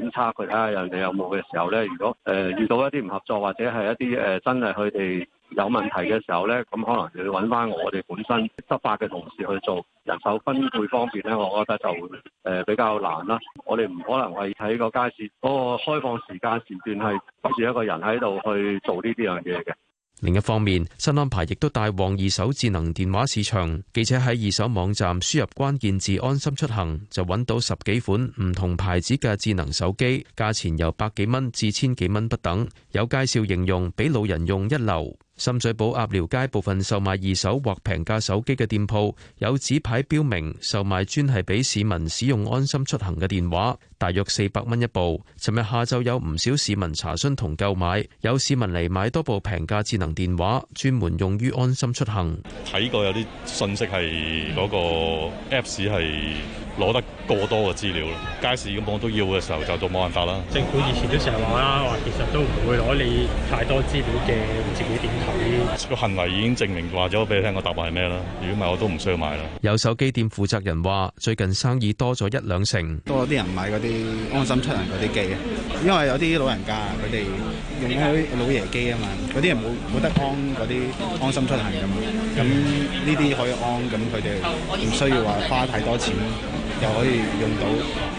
檢測，佢睇下人哋有冇嘅時候咧，如果誒遇到一啲唔合作或者係一啲誒真係佢哋。有問題嘅時候咧，咁可能就要揾翻我哋本身執法嘅同事去做。人手分配方面咧，我覺得就誒比較難啦。我哋唔可能係喺個街市嗰個開放時間時段係住一個人喺度去做呢啲樣嘢嘅。另一方面，新安排亦都帶旺二手智能電話市場，記者喺二手網站輸入關鍵字安心出行，就揾到十幾款唔同牌子嘅智能手機價錢由百幾蚊至千幾蚊不等。有介紹形容俾老人用一流。深水埗鴨寮街部分售賣二手或平價手機嘅店鋪，有紙牌標明售賣專係俾市民使用安心出行嘅電話，大約四百蚊一部。尋日下晝有唔少市民查詢同購買，有市民嚟買多部平價智能電話，專門用於安心出行。睇過有啲信息係嗰個 apps 係攞得過多嘅資料，街市咁講都要嘅時候就到冇辦法啦。政府以前都成日話啦，話其實都唔會攞你太多資料嘅，唔知點點。個行為已經證明話咗俾你聽，個答案係咩啦？如果唔係，我都唔需要買啦。有手機店負責人話：最近生意多咗一兩成，多咗啲人買嗰啲安心出行嗰啲機啊。因為有啲老人家，佢哋用喺老爺機啊嘛，嗰啲人冇冇得安嗰啲安心出行噶嘛。咁呢啲可以安，咁佢哋唔需要話花太多錢。又可以用到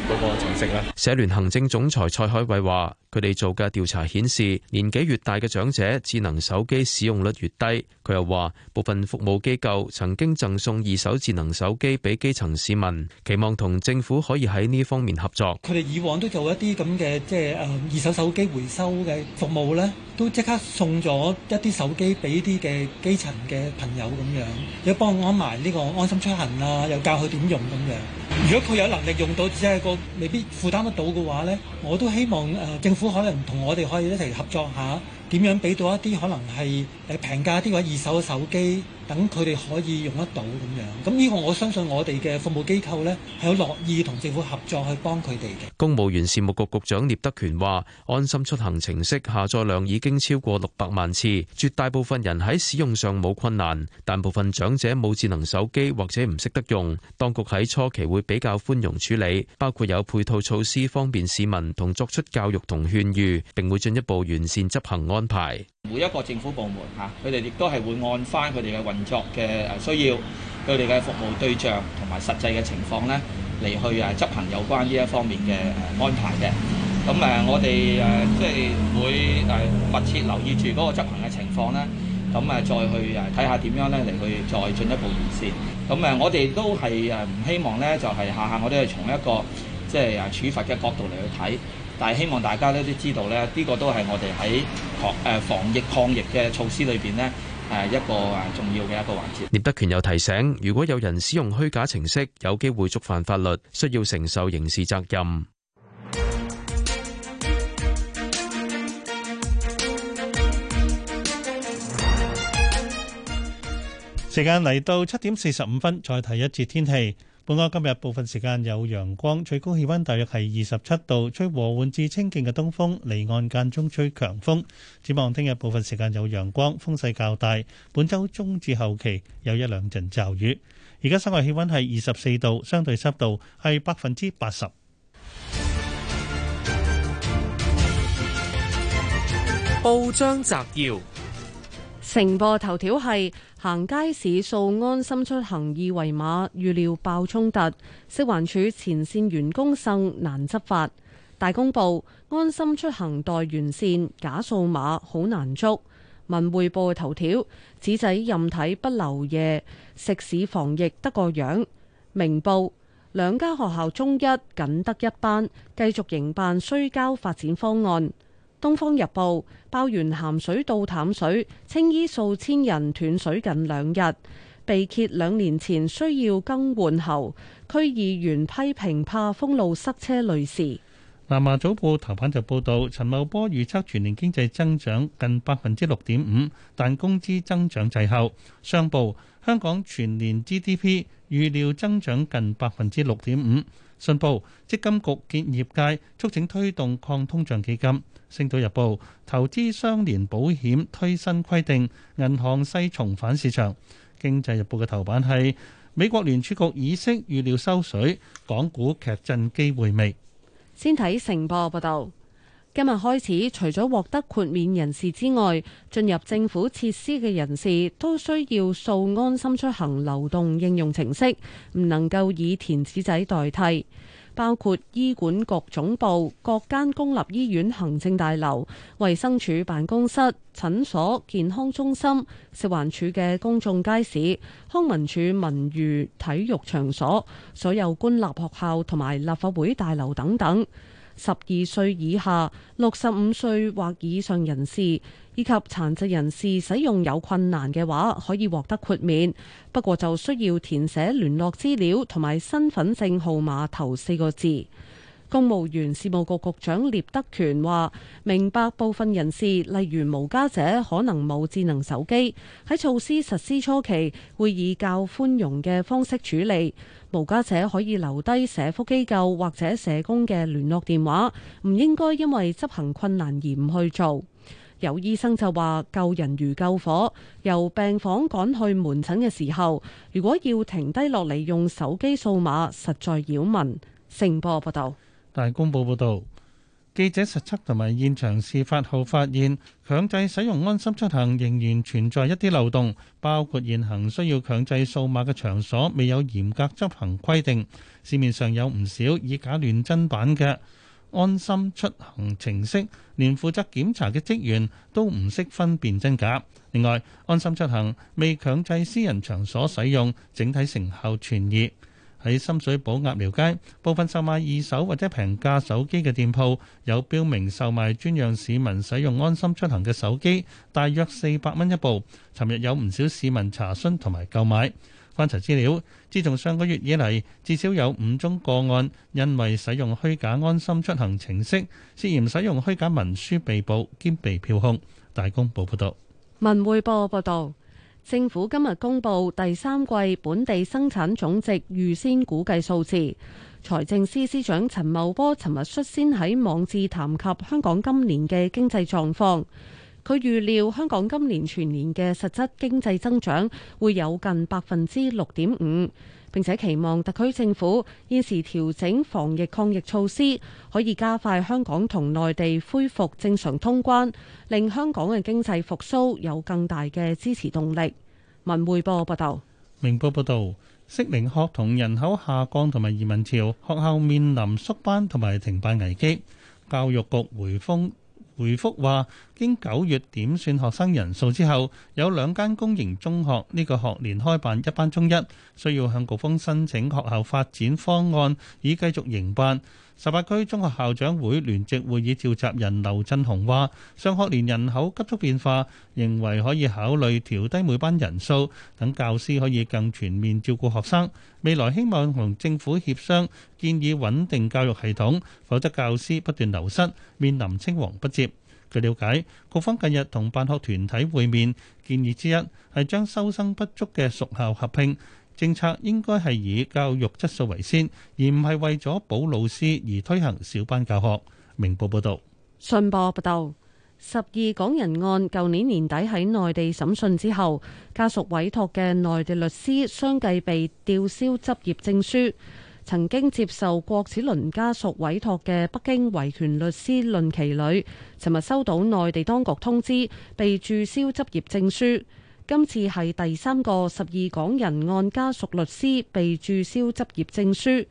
嗰個程式啦。社聯行政總裁蔡海偉話，佢哋做嘅調查顯示，年紀越大嘅長者，智能手機使用率越低。佢又話：部分服務機構曾經贈送二手智能手機俾基層市民，期望同政府可以喺呢方面合作。佢哋以往都做一啲咁嘅，即係誒二手手機回收嘅服務咧，都即刻送咗一啲手機俾啲嘅基層嘅朋友咁樣，有幫我安埋呢個安心出行啊，又教佢點用咁樣。如果佢有能力用到，只係個未必負擔得到嘅話咧，我都希望、呃、政府可能同我哋可以一齊合作下。點樣畀到一啲可能係誒平價啲或者二手嘅手機？等佢哋可以用得到咁樣，咁呢個我相信我哋嘅服務機構咧係有樂意同政府合作去幫佢哋嘅。公務員事務局局局長聶德權話，安心出行程式下載量已經超過六百萬次，絕大部分人喺使用上冇困難，但部分長者冇智能手機或者唔識得用。當局喺初期會比較寬容處理，包括有配套措施方便市民，同作出教育同勸喻，並會進一步完善執行安排。每一個政府部門吓，佢哋亦都係會按翻佢哋嘅合作嘅誒需要，佢哋嘅服務對象同埋實際嘅情況咧，嚟去誒執行有關呢一方面嘅安排嘅。咁誒，我哋誒即係會誒密切留意住嗰個執行嘅情況咧，咁誒再去誒睇下點樣咧嚟去再進一步完善。咁誒，我哋都係誒唔希望咧，就係、是、下下我哋係從一個即係誒處罰嘅角度嚟去睇，但係希望大家咧都知道咧，呢、這個都係我哋喺防誒防疫抗疫嘅措施裏邊咧。誒，一個重要嘅一個環節。聶德權又提醒，如果有人使用虛假程式，有機會觸犯法律，需要承受刑事責任。時間嚟到七點四十五分，再提一次天氣。本港今日部分時間有陽光，最高氣溫大約係二十七度，吹和緩至清勁嘅東風，離岸間中吹強風。展望聽日部分時間有陽光，風勢較大。本周中至後期有一兩陣驟雨。而家室外氣溫係二十四度，相對濕度係百分之八十。報章摘要，成報頭條係。行街市掃安心出行二維碼，預料爆衝突。食環署前線員工甚難執法。大公報：安心出行待完善，假掃碼好難捉。文匯報嘅頭條：紙仔任睇不留夜，食肆防疫得個樣。明報：兩家學校中一僅得一班，繼續營辦需交發展方案。《東方日報》爆完鹹水到淡水，青衣數千人斷水近兩日。被揭兩年前需要更換喉，區議員批評怕封路塞車類事。《南華早報》頭版就報道，陳茂波預測全年經濟增長近百分之六點五，但工資增長滯後。商報，香港全年 GDP 預料增長近百分之六點五。信報、積金局建業界促請推動抗通脹基金。星島日報、投資雙連保險推新規定。銀行西重返市場。經濟日報嘅頭版係美國聯儲局議息預料收水，港股劇震機會未？先睇成報報道。今日開始，除咗獲得豁免人士之外，進入政府設施嘅人士都需要掃安心出行流動應用程式，唔能夠以填紙仔代替。包括醫管局總部、各間公立醫院、行政大樓、衛生署辦公室、診所、健康中心、食環署嘅公眾街市、康文署文娛體育場所、所有官立學校同埋立法會大樓等等。十二歲以下，六十五歲或以上人士，以及殘疾人士使用有困難嘅話，可以獲得豁免。不過就需要填寫聯絡資料同埋身份證號碼頭四個字。公務員事務局局長聶德權話：明白部分人士，例如無家者，可能冇智能手機。喺措施實施初期，會以較寬容嘅方式處理。無家者可以留低社福機構或者社工嘅聯絡電話，唔應該因為執行困難而唔去做。有醫生就話：救人如救火，由病房趕去門診嘅時候，如果要停低落嚟用手機數碼，實在擾民。盛波報道。大公報報導，記者實測同埋現場事發後發現，強制使用安心出行仍然存在一啲漏洞，包括現行需要強制掃碼嘅場所未有嚴格執行規定，市面上有唔少以假亂真版嘅安心出行程式，連負責檢查嘅職員都唔識分辨真假。另外，安心出行未強制私人場所使用，整體成效存疑。喺深水埗鴨寮街，部分售賣二手或者平價手機嘅店鋪有標明售賣專讓市民使用安心出行嘅手機，大約四百蚊一部。尋日有唔少市民查詢同埋購買。翻查資料，自從上個月以嚟，至少有五宗個案因為使用虛假安心出行程式，涉嫌使用虛假文書被捕兼被票控。大公報報道，文匯報報道。政府今日公布第三季本地生產總值預先估計數字。財政司司長陳茂波尋日率先喺網誌談及香港今年嘅經濟狀況。佢預料香港今年全年嘅實質經濟增長會有近百分之六點五。並且期望特區政府現時調整防疫抗疫措施，可以加快香港同內地恢復正常通關，令香港嘅經濟復甦有更大嘅支持動力。文匯報報道。明報報道，適齡學童人口下降同埋移民潮，學校面臨縮班同埋停辦危機。教育局回覆。回覆話：經九月點算學生人數之後，有兩間公營中學呢個學年開辦一班中一，需要向局方申請學校發展方案，以繼續營辦。十八區中學校長會聯席會議召集人劉振雄話,上學年人口急速變化,認為可以考慮調低每班人數,等教師可以更全面照顧學生,未來希望同政府協商,建議穩定教育系統,否則教師不斷流失,面臨青黃不接。據了解,局方近日同辦學團體會面,建議之一係將收生不足嘅屬校合併。政策應該係以教育質素為先，而唔係為咗保老師而推行小班教學。明報報道：信報報道，十二港人案舊年年底喺內地審訊之後，家屬委託嘅內地律師相繼被吊銷執業證書。曾經接受郭子麟家屬委託嘅北京維權律師論其女，尋日收到內地當局通知，被註銷執業證書。今次係第三個十二港人案家屬律師被註銷執業證書。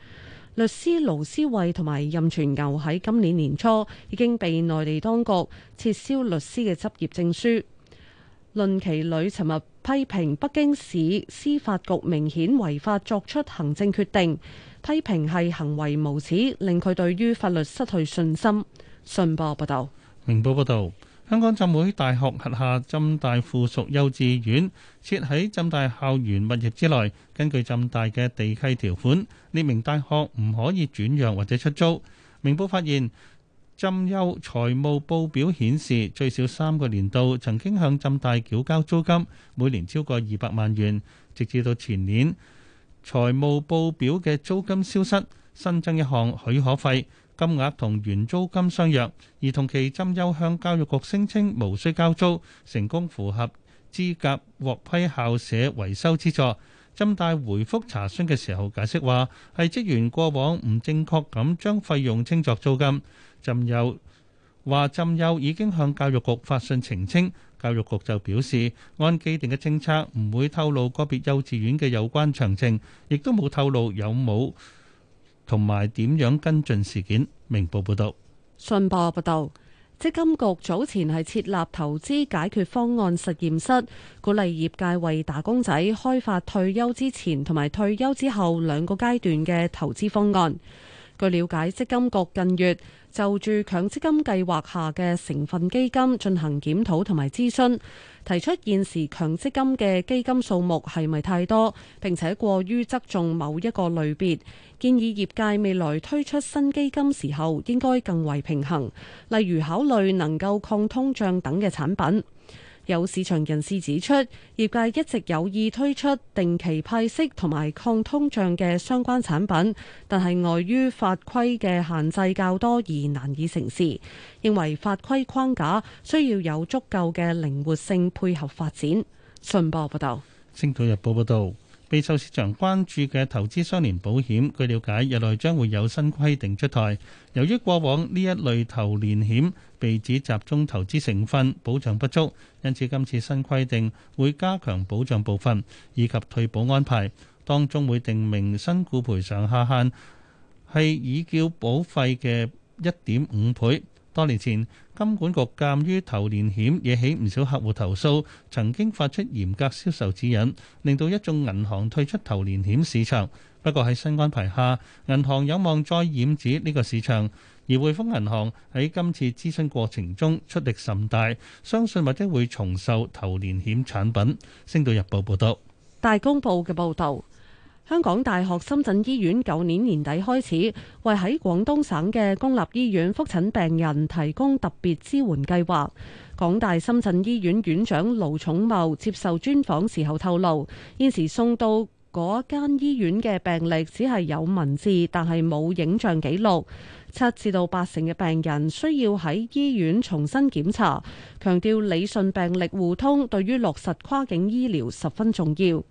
律師盧思慧同埋任全牛喺今年年初已經被內地當局撤銷律師嘅執業證書。論其女尋日批評北京市司法局明顯違法作出行政決定，批評係行為無恥，令佢對於法律失去信心。信報報道，明報報道。香港浸會大學轄下浸大附屬幼稚園設喺浸大校園物業之內，根據浸大嘅地契條款，列明大學唔可以轉讓或者出租。明報發現，浸幼財務報表顯示，最少三個年度曾經向浸大繳交租金，每年超過二百萬元，直至到前年，財務報表嘅租金消失，新增一項許可費。金額同原租金相若，而同期針優向教育局聲稱無需交租，成功符合資格獲批校舍維修資助。針大回覆查詢嘅時候解釋話，係職員過往唔正確咁將費用稱作租金。針優話針優已經向教育局發信澄清，教育局就表示按既定嘅政策唔會透露個別幼稚園嘅有關詳情，亦都冇透露有冇，同埋點樣跟進事件？明報報導，信報報導，積金局早前係設立投資解決方案實驗室，鼓勵業界為打工仔開發退休之前同埋退休之後兩個階段嘅投資方案。據了解，積金局近月就住強積金計劃下嘅成分基金進行檢討同埋諮詢。提出現時強積金嘅基金數目係咪太多，並且過於側重某一個類別，建議業界未來推出新基金時候應該更為平衡，例如考慮能夠抗通脹等嘅產品。有市場人士指出，業界一直有意推出定期派息同埋抗通脹嘅相關產品，但係礙於法規嘅限制較多而難以成事。認為法規框架需要有足夠嘅靈活性配合發展。信報報道，《星島日報》報道，備受市場關注嘅投資相連保險，據了解，日內將會有新規定出台。由於過往呢一類投連險被指集中投資成分保障不足，因此今次新規定會加強保障部分以及退保安排，當中會定明新股賠償下限係已繳保費嘅一點五倍。多年前，金管局鑑於投連險惹起唔少客戶投訴，曾經發出嚴格銷售指引，令到一眾銀行退出投連險市場。不過喺新安排下，銀行有望再染指呢個市場。而匯豐銀行喺今次諮詢過程中出力甚大，相信或者會重售投連險產品。星島日報報道，大公報嘅報導，香港大學深圳醫院舊年年底開始，為喺廣東省嘅公立醫院覆診病人提供特別支援計劃。港大深圳醫院院長盧寵茂接受專訪時候透露，現時送到嗰間醫院嘅病歷只係有文字，但係冇影像記錄。七至到八成嘅病人需要喺醫院重新檢查。強調理順病歷互通，對於落實跨境醫療十分重要。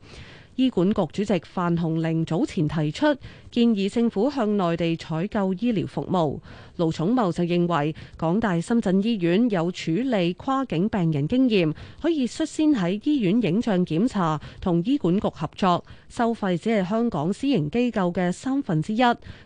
醫管局主席范鴻齡早前提出建議，政府向內地採購醫療服務。盧寵茂就認為，港大深圳醫院有處理跨境病人經驗，可以率先喺醫院影像檢查同醫管局合作。收費只係香港私營機構嘅三分之一，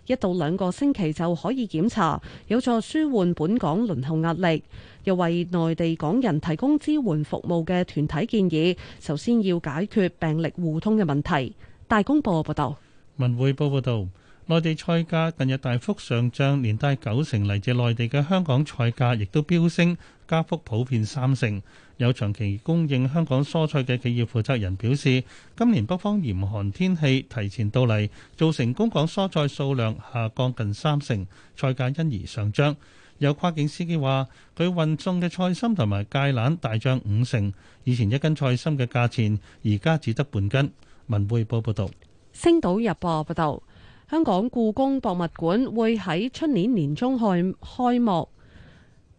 一到兩個星期就可以檢查，有助舒緩本港輪候壓力，又為內地港人提供支援服務嘅團體建議，首先要解決病歷互通嘅問題。大公報報道。文匯報報道。內地菜價近日大幅上漲，連帶九成嚟自內地嘅香港菜價亦都飆升，加幅普遍三成。有長期供應香港蔬菜嘅企業負責人表示，今年北方嚴寒天氣提前到嚟，造成供港蔬菜數量下降近三成，菜價因而上漲。有跨境司機話，佢運送嘅菜心同埋芥蘭大漲五成，以前一斤菜心嘅價錢，而家只得半斤。文匯報報道。星島日報報道。香港故宮博物館會喺出年年中開幕。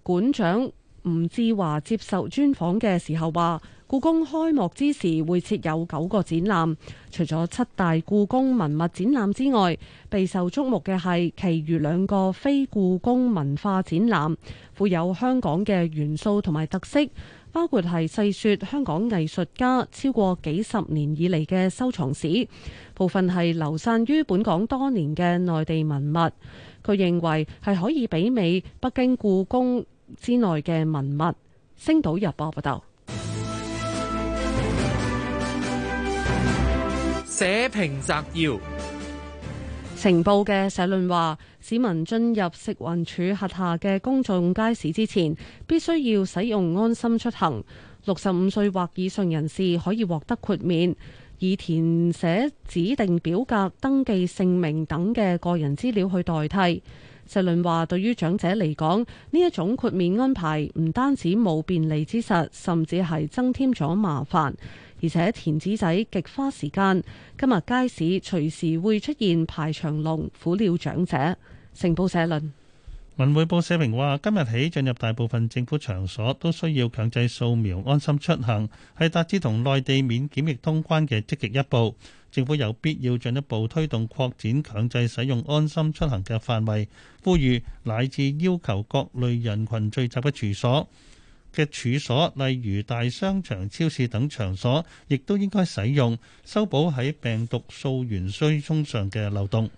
館長吳志華接受專訪嘅時候話，故宮開幕之時會設有九個展覽，除咗七大故宮文物展覽之外，備受矚目嘅係其餘兩個非故宮文化展覽，富有香港嘅元素同埋特色。包括係細說香港藝術家超過幾十年以嚟嘅收藏史，部分係流散於本港多年嘅內地文物。佢認為係可以媲美北京故宮之內嘅文物。星島日報報道。社評摘要。情報嘅社論話，市民進入食環署轄下嘅公眾街市之前，必須要使用安心出行。六十五歲或以上人士可以獲得豁免，以填寫指定表格、登記姓名等嘅個人資料去代替。社論話，對於長者嚟講，呢一種豁免安排唔單止冇便利之實，甚至係增添咗麻煩。而且在田子仔極花時間，今日街市隨時會出現排長龍苦了長者。成報社論，文匯報社評話：今日起進入大部分政府場所都需要強制掃描安心出行，係達至同內地免檢疫通關嘅積極一步。政府有必要進一步推動擴展強制使用安心出行嘅範圍，呼籲乃至要求各類人群聚集嘅住所。嘅處所，例如大商場、超市等場所，亦都應該使用修補喺病毒溯源追蹤上嘅漏洞。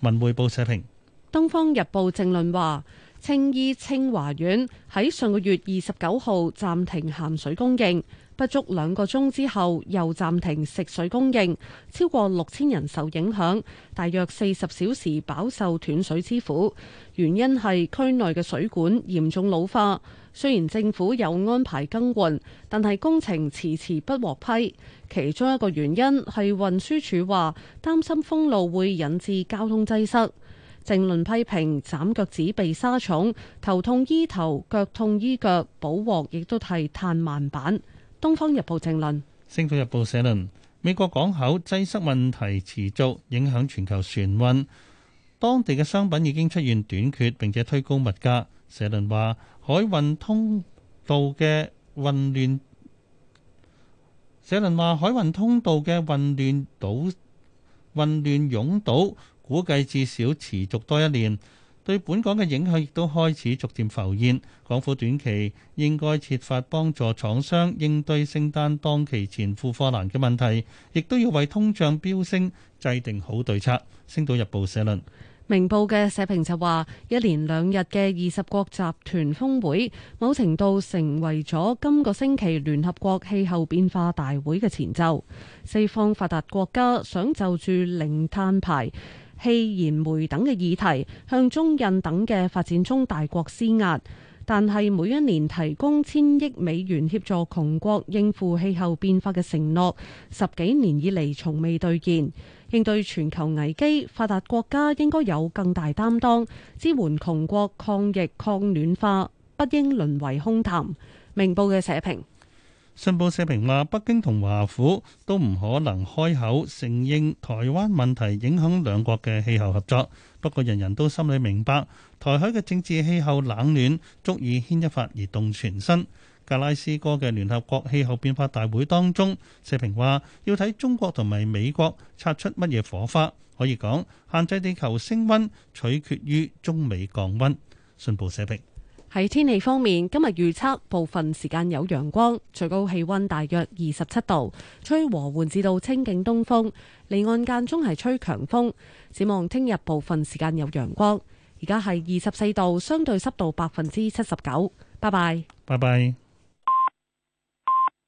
文匯報社評，《東方日報》正論話：青衣青華苑喺上個月二十九號暫停鹹水供應。不足兩個鐘之後，又暫停食水供應，超過六千人受影響，大約四十小時飽受斷水之苦。原因係區內嘅水管嚴重老化。雖然政府有安排更換，但係工程遲遲不獲批。其中一個原因係運輸署話擔心封路會引致交通擠塞。政論批評斬腳趾避沙蟲，頭痛醫頭，腳痛醫腳，補鑊亦都係嘆慢板。《東方日報》評論，《星島日報》社論：美國港口擠塞問題持續影響全球船運，當地嘅商品已經出現短缺，並且推高物價。社論話海運通道嘅混亂，社論話海運通道嘅混亂、堵混亂、擁堵，估計至少持續多一年。對本港嘅影響亦都開始逐漸浮現，港府短期應該設法幫助廠商應對聖誕當期前庫貨難嘅問題，亦都要為通脹飆升制定好對策。星島日報社論，明報嘅社評就話：一連兩日嘅二十國集團峰會，某程度成為咗今個星期聯合國氣候變化大會嘅前奏。西方發達國家想就住零碳排」氣燃煤等嘅議題，向中印等嘅發展中大國施壓，但係每一年提供千億美元協助窮國應付氣候變化嘅承諾，十幾年以嚟從未兌現。應對全球危機，發達國家應該有更大擔當，支援窮國抗疫抗暖化，不應淪為空談。明報嘅社評。信報社評話：北京同華府都唔可能開口承認台灣問題影響兩國嘅氣候合作。不過人人都心裏明白，台海嘅政治氣候冷暖足以牽一發而動全身。格拉斯哥嘅聯合國氣候變化大會當中，社評話要睇中國同埋美國擦出乜嘢火花。可以講限制地球升溫取決於中美降溫。信報社評。喺天氣方面，今日預測部分時間有陽光，最高氣溫大約二十七度，吹和緩至到清勁東風，離岸間中係吹強風。展望聽日部分時間有陽光，而家係二十四度，相對濕度百分之七十九。拜拜，拜拜。